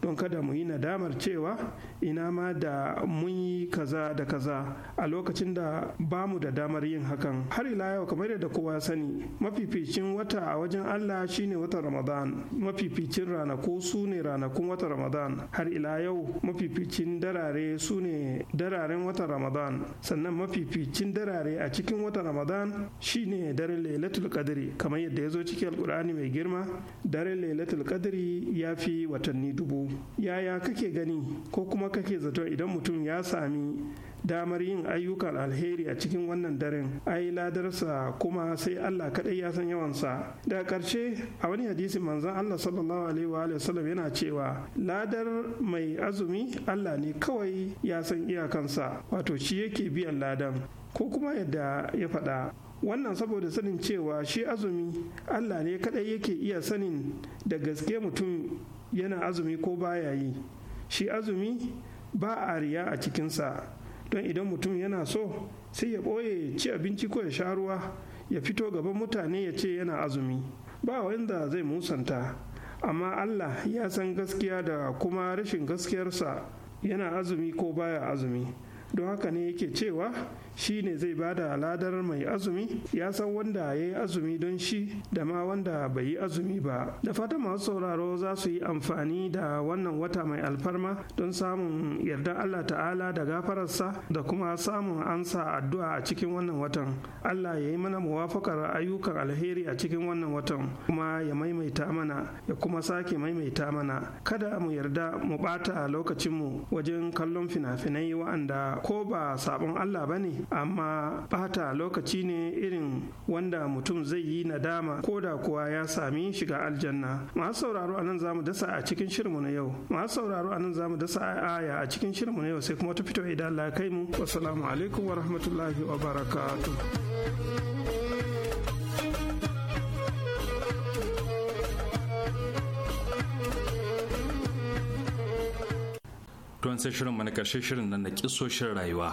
don kada mu yi nadamar cewa ina ma da mun yi kaza da kaza a lokacin da ba mu da damar yin hakan har ila yau kamar yadda kowa sani mafificin wata a wajen Allah shine watan Ramadan mafificin ranaku su ne ranakun watan Ramadan har ila yau mafificin darare su ne dararen watan Ramadan sannan mafificin darare a cikin watan Ramadan shine daren Lailatul kadri kamar yadda ya zo cikin Alkur'ani mai girma daren Lailatul kadri ya fi watanni dubu yaya kake gani ko kuma kake zato idan mutum ya sami damar yin ayyukan alheri a cikin wannan daren ai ladarsa kuma sai Allah kaɗai ya san yawansa da ƙarshe a wani hadisi manzon Allah sallallahu alaihi wa sallam yana cewa ladar mai azumi Allah ne kawai ya san iyakansa wato shi yake biyan ladan ko kuma yadda ya faɗa wannan saboda sanin cewa shi azumi allah ne kadai yake iya sanin da gaske mutum yana azumi ko baya yi shi azumi ba a riya a cikinsa don idan mutum yana so sai ya ɓoye ci abinci ko ya sha ruwa ya fito gaban mutane ya ce yana azumi ba wanda zai musanta amma allah ya san gaskiya da kuma rashin gaskiyarsa yana azumi ko baya azumi don haka ne yake cewa shi ne zai ba da ladar mai azumi ya san wanda ya yi azumi don shi da ma wanda bai yi azumi ba da fata masu sauraro za su yi amfani da wannan wata mai alfarma don samun yardar allah ta'ala da gafararsa da kuma samun ansa addu'a a cikin wannan watan allah ya yi mana muwafakar ayyukan alheri a cikin wannan watan kuma ya maimaita mana ya kuma sake maimaita mana kada mu yarda mu ɓata lokacinmu wajen kallon fina-finai wa'anda ko ba sabon allah ba ne amma bata lokaci ne irin wanda mutum zai yi nadama ko da kuwa ya sami shiga aljanna masu sauraro anan mu dasa a cikin shirinmu na yau masu sauraro anan mu dasa aya a cikin shirinmu na yau sai kuma ta fito idan Allah kai mu wassalamu alaikum wa rahmatullahi wa barakatuh don sai shirin mana karshe shirin nan na shirin rayuwa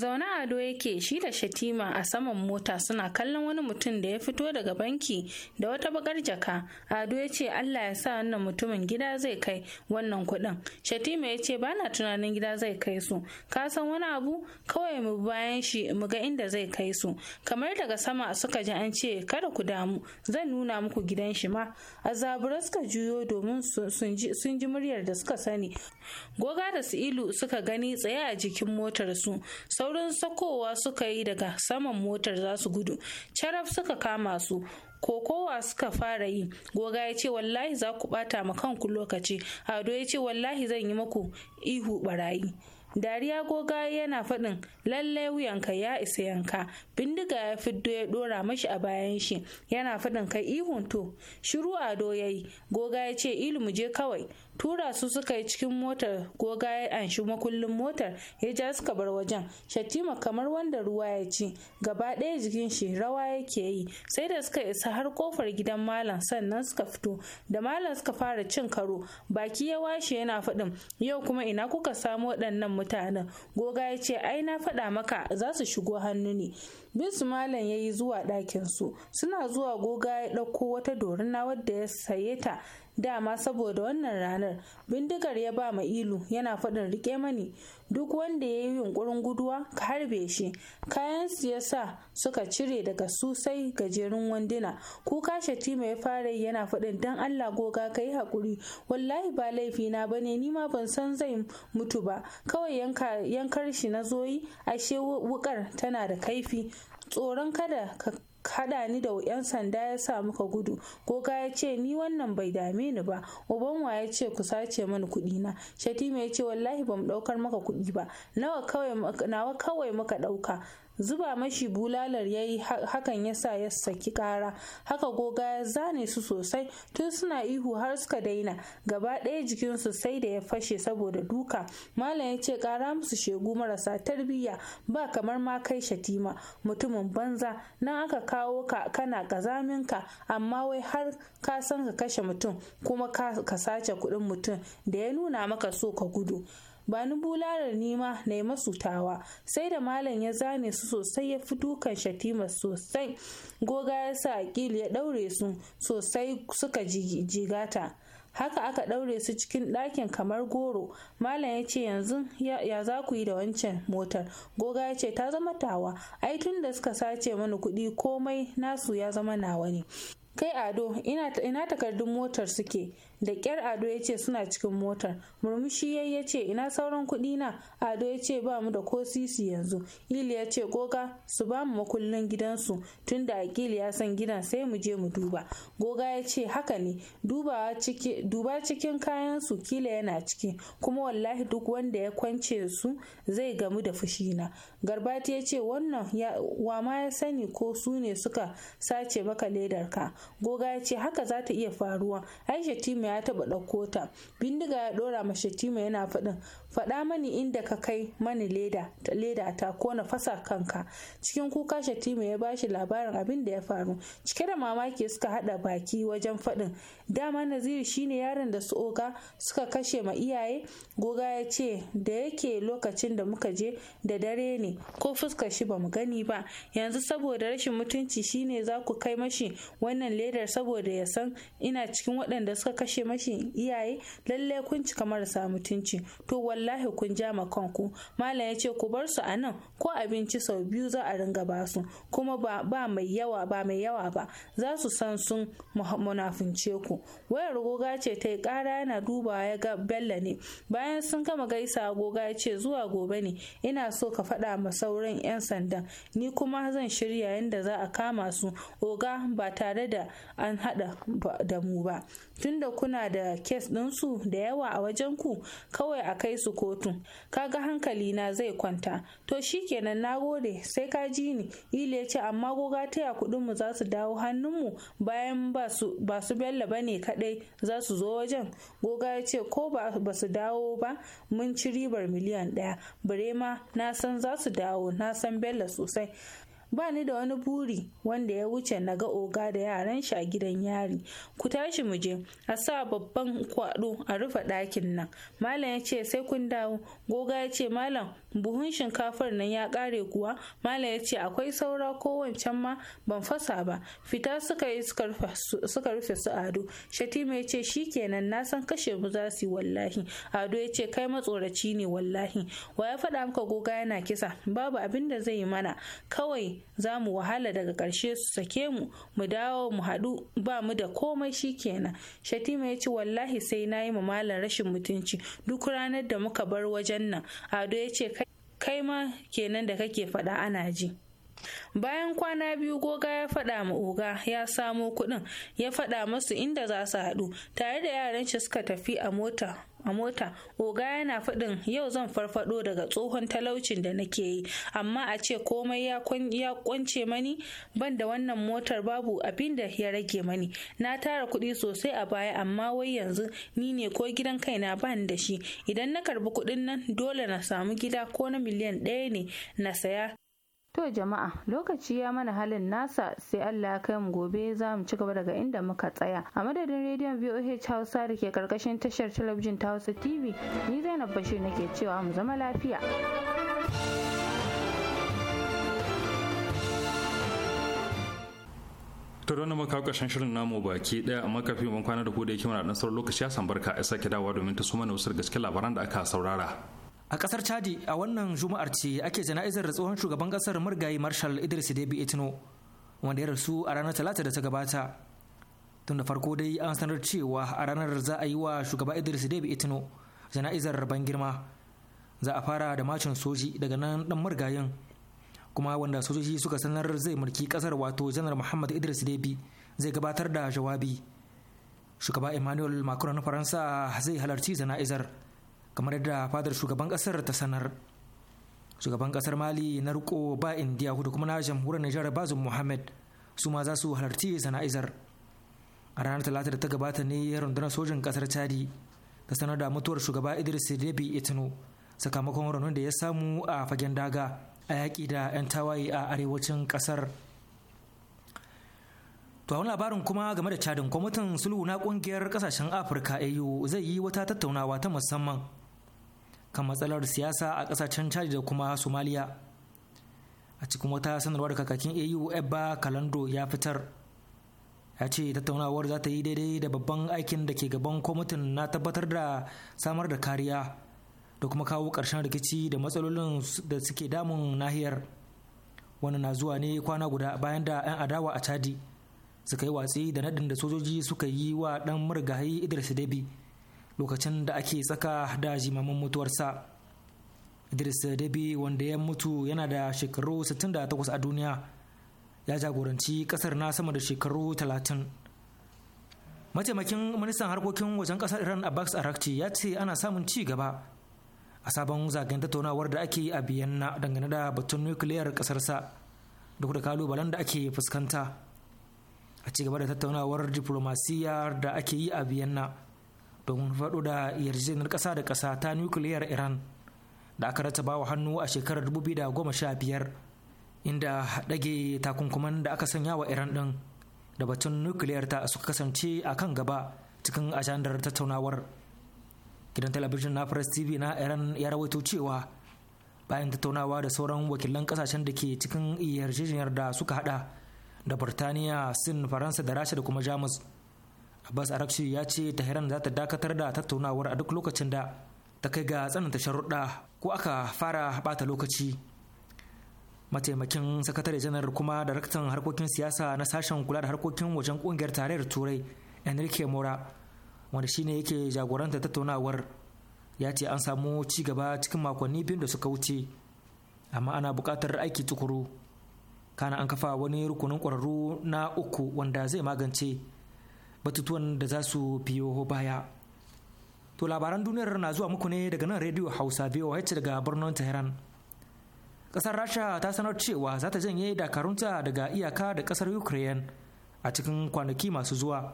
zaune ado yake shi da shatima a saman mota suna kallon wani mutum da ya fito daga banki da wata bakar jaka ado ya ce allah ya sa wannan mutumin gida zai kai wannan kuɗin shatima ya ce bana tunanin gida zai kai su ka san wani abu kawai mu bayan shi mu ga inda zai kai su kamar daga sama suka ji an ce kada ku damu zan nuna muku gidan shi ma azabura suka juyo domin sun ji muryar da suka sani goga da su ilu suka gani tsaye a jikin motar su saurin sakowa suka yi daga saman motar za su gudu caraf suka kama su kokowa suka fara yi goga ya ce wallahi za ku bata ma kanku lokaci ado ya ce wallahi zan yi maku ihu barayi dariya goga yana faɗin lallai wuyanka ya isa yanka bindiga ya fiddo ya ɗora mashi a bayan shi yana faɗin kai ihun to shiru ado ya yi goga ya ce ilu muje je kawai tura su suka yi cikin motar goga ya anshi makullin motar ya ja suka bar wajen shatima kamar wanda ruwa ya ci gaba ɗaya jikin shi rawa yake yi sai da suka isa har kofar gidan malam sannan suka fito da malam suka fara cin karo baki ya washe yana faɗin yau kuma ina kuka samu waɗannan mutanen goga ya ce ai na faɗa maka za su shigo hannu ne bin su malam ya yi zuwa ɗakin su suna zuwa goga ya ɗauko wata dorina wadda ya saye ta dama saboda wannan ranar bindigar ya ba ma ilu yana faɗin rike mani duk wanda ya yi yunkurin guduwa ka harbe shi kayan siyasa suka cire daga sosai gajerun wanduna kuka tima ya fara yana faɗin dan allah goga ka yi haƙuri wallahi ba laifi na bane ni ma ban san zai mutu ba kawai yankar shi na zoyi ashe wukar tana da kaifi tsoron kada ka kada ni da yan sanda ya sa muka gudu goga ya ce ni wannan bai dame ni ba uban wa ya ce ku sace mani kuɗi na shatima ya ce wallahi bamu ɗaukar maka kuɗi ba nawa kawai muka ɗauka zuba mashi bulalar ya yi hakan ya sa ya saki kara haka goga ya zane su sosai tun suna ihu har suka daina gaba ɗaya jikinsu sai da ya fashe saboda duka malam ya ce kara musu shegu marasa tarbiyya ba kamar ma kai shatima mutumin banza nan aka kawo ka kana kazamin ka amma wai har ka san ka kashe mutum kuma ka sace kuɗin mutum da ya nuna maka so ka gudu ba ni bulalar nima na yi masu tawa sai da malam ya zane su sosai ya fi dukan shatima sosai goga ya sa akil ya daure su sosai suka jigata haka aka daure su cikin ɗakin kamar goro malam ya ce yanzu ya za ku yi da wancan motar goga ya ce ta zama tawa ai tun da suka sace mana kuɗi komai nasu ya zama nawa ne kai ado ina takardun motar suke da ƙyar ado ya ce suna cikin motar murmushi ya ya ce ina sauran kuɗi na ado ya ce ba mu da ko sisi yanzu ili ya ce goga su ba mu makullin gidansu tunda akili ya san gidan sai mu je mu duba goga ya ce haka ne duba cikin kayansu su kila yana ciki kuma wallahi duk wanda ya kwance su zai gamu da fushi na garbati ya ce wannan wa ma ya sani ko su ne suka sace maka ledar ka goga ya ce haka za ta iya faruwa aisha timi ya taɓa ɗauko ta bindiga ya ɗora ma mai yana faɗin faɗa mani inda ka kai mani leda ta leda ta ko na fasa kanka cikin kuka shatima ya bashi labarin abin da ya faru cike da mamaki suka hada baki wajen faɗin dama naziru shine yaron da su oga suka kashe ma iyaye goga ya ce da yake lokacin da muka je da dare ne ko fuskar shi ba mu gani ba yanzu saboda rashin mutunci shine za ku kai mashi wannan ledar saboda ya san ina cikin waɗanda suka kashe mashi iyaye lallai kun cika marasa mutunci to wallahi kun ja ma kanku malam ya ce ku bar su a nan ko abinci sau biyu za a ringa basu kuma ba mai yawa ba mai yawa ba za su san sun munafunce ku wayar goga ce ta yi kara yana dubawa ya ga bella ne bayan sun gama gaisa goga ya ce zuwa gobe ne ina so ka faɗa ma sauran 'yan sandan ni kuma zan shirya yadda za a kama su oga ba tare da an haɗa da mu ba tunda kuna da kes ɗinsu da yawa a wajen ku kawai a kai su kotun kaga hankali na zai kwanta to shi kenan na gode sai ka ji ni ili ya ce amma goga taya kuɗin mu za su dawo hannunmu bayan ba su bello ba ne kadai za su zo wajen goga ya ce ko ba su dawo ba mun ci ribar miliyan ɗaya bare ma na san za su dawo na san bello sosai ba ni da wani buri wanda ya wuce na ga oga da yaran shi a gidan yari ku tashi mu je a sa babban kwado a rufe ɗakin nan malam ya ce sai kun dawo goga ya ce malam buhun shinkafar nan ya kare kuwa mala ya ce akwai saura ko wancan ma ban fasa ba fita suka yi suka rufe su ado shatima ya ce kenan na san kashe mu za su wallahi ado ya ce kai matsoraci ne wallahi wa ya faɗa maka goga yana kisa babu abin da zai yi mana kawai za mu wahala daga ƙarshe su sake mu mu dawo mu haɗu ba mu da komai shi kenan. shatima ya ce wallahi sai na yi malam rashin mutunci duk ranar da muka bar wajen nan ado ya ce kai ma kenan da kake faɗa ana ji bayan kwana biyu goga ya faɗa ma oga ya samo kuɗin ya faɗa masu inda za su haɗu tare da yaran shi suka tafi a mota a mota oga yana faɗin yau zan farfado daga tsohon talaucin da nake yi amma a ce komai ya kwance mani ban da wannan motar babu abin da ya rage mani na tara kuɗi sosai a baya amma wai yanzu ni ne ko gidan kaina ban da shi idan na karbi kuɗin nan dole na samu gida ko na miliyan ɗaya ne na saya To jama'a lokaci ya mana halin nasa sai Allah ya kai mu gobe za mu ci gaba daga inda muka tsaya. A madadin rediyon VOH Hausa da ke karkashin tashar talabijin ta Hausa TV ni Zainab Bashir nake cewa mu zama lafiya. to da maka kashin shirin namu baki daya amma kafin mun kwana da ku da nasarar lokaci ya san barka sake dawa domin ta suma na wasu gaske labaran da aka saurara a kasar chadi a wannan juma'ar ce ake jana'izar da tsohon shugaban kasar murgayi marshal idris debi etino wanda ya rasu a ranar talata da ta gabata tun da farko dai an sanar cewa a ranar za a yi wa shugaba idris debi etino jana'izar ban girma za a fara da macin soji daga nan dan murgayin kuma wanda sojoji suka sanar zai mulki kasar wato janar muhammad idris debi zai gabatar da jawabi shugaba emmanuel macron na faransa zai halarci jana'izar kamar da fadar shugaban kasar ta sanar shugaban kasar mali na riko ba indiya hudu kuma na jamhuriyar nijar bazum muhammad su ma za su halarci sana'izar a ranar talata da ta gabata ne ya rundunar sojin kasar chadi ta sanar da mutuwar shugaba idris debi itno sakamakon raunin da ya samu a fagen daga a yaƙi da 'yan tawaye a arewacin kasar To labarin kuma game da cadin kwamitin sulhu na kungiyar kasashen Afirka AU zai yi wata tattaunawa ta musamman kan matsalar siyasa a kasashen chad da kuma somaliya a cikin wata sanarwar kakakin au ebba kalando ya fitar ya ce tattaunawar za ta yi daidai da babban aikin da ke gaban kwamitin na tabbatar da samar da kariya da kuma kawo ƙarshen rikici da matsalolin da suke damun nahiyar wannan na zuwa ne kwana guda bayan da 'yan adawa a chadi suka yi watsi da nadin da sojoji suka yi wa dan marigayi idris debi lokacin da ake tsaka da jimamin mutuwarsa idris debi wanda ya mutu yana da shekaru 68 a duniya ya jagoranci kasar na sama da shekaru 30 mataimakin ministan harkokin wajen kasar iran a abbas arakci ya ce ana samun ci gaba a sabon zagayen tattaunawar da ake a biyanna dangane da batun nukiliyar kasarsa duk da kalubalen da ake fuskanta a ci gaba da tattaunawar diplomasiyyar da ake yi a biyanna domin faɗo da yarjejeniyar ƙasa da ƙasa ta nukiliyar iran da aka rataba wa hannu a shekarar goma sha biyar inda ɗage takunkuman da aka sanya wa iran ɗin da batun nukiliyar ta suka kasance a kan gaba cikin ajandar tattaunawar gidan talabijin na press tv na iran ya rawaito cewa bayan tattaunawa da sauran wakilan kasashen da ke cikin yarjejeniyar da suka hada da burtaniya sin faransa da rasha da kuma jamus abbas arakci ya ce tehran za ta dakatar da tattaunawar a duk lokacin da ta kai ga tsananta sharuɗa ko aka fara bata lokaci mataimakin sakatare janar kuma daraktan harkokin siyasa na sashen kula da harkokin wajen kungiyar tarayyar turai enrique mora wanda shine yake jagoranta tattaunawar ya ce an samu ci gaba cikin makonni biyu da suka wuce amma ana buƙatar aiki tukuru kana an kafa wani rukunin ƙwararru na uku wanda zai magance batutuwan da za su biyo baya to labaran duniyar na zuwa muku ne daga nan rediyo hausa voh daga birnin tehran kasar rasha ta sanar cewa za ta janye dakarunta daga iyaka da kasar ukraine a cikin kwanaki masu zuwa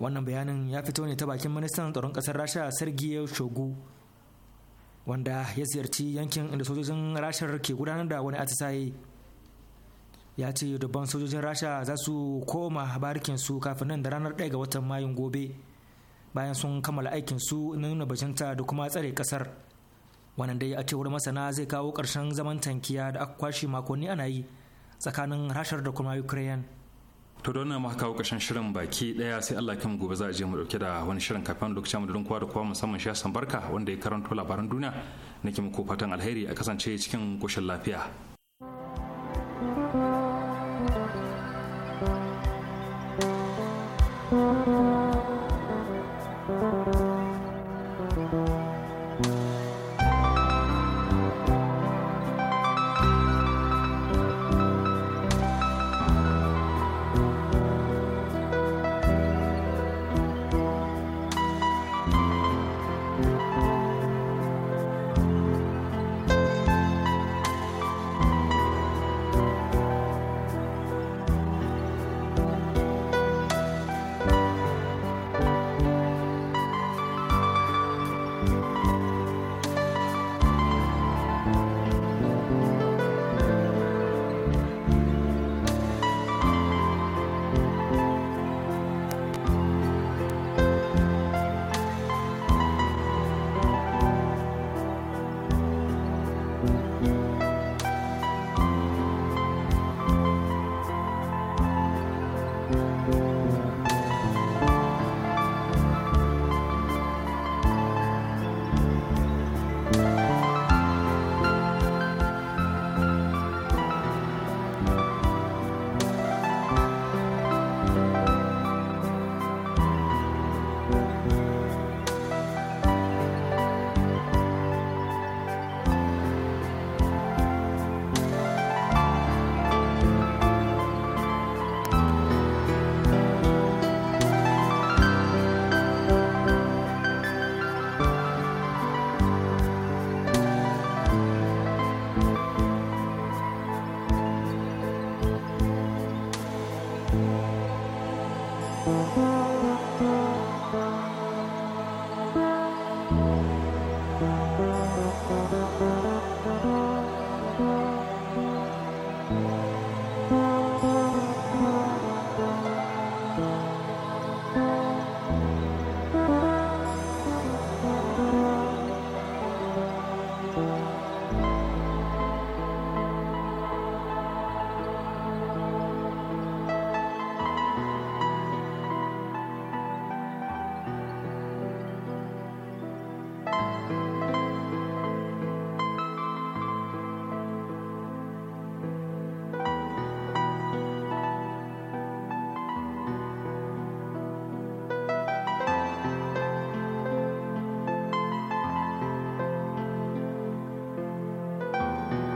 wannan bayanin ya fito ne ta bakin ministan tsaron kasar rasha sergei shogu wanda ya ziyarci yankin inda sojojin rashar ke gudanar da wani atisaye ya ce dubban sojojin rasha za su koma barikin su kafin nan da ranar 1 ga watan mayun gobe bayan sun kammala aikin su na nuna bajinta da kuma tsare kasar wannan dai a cewar masana zai kawo ƙarshen zaman tankiya da aka kwashe makonni ana yi tsakanin rashar da kuma ukraine to don na maka kawo ƙarshen shirin baki daya sai Allah mu gobe za a je mu dauke da wani shirin kafin lokacin mu da kowa da kowa musamman shi Hassan Barka wanda ya karanto labaran duniya nake muku fatan alheri a kasance cikin koshin lafiya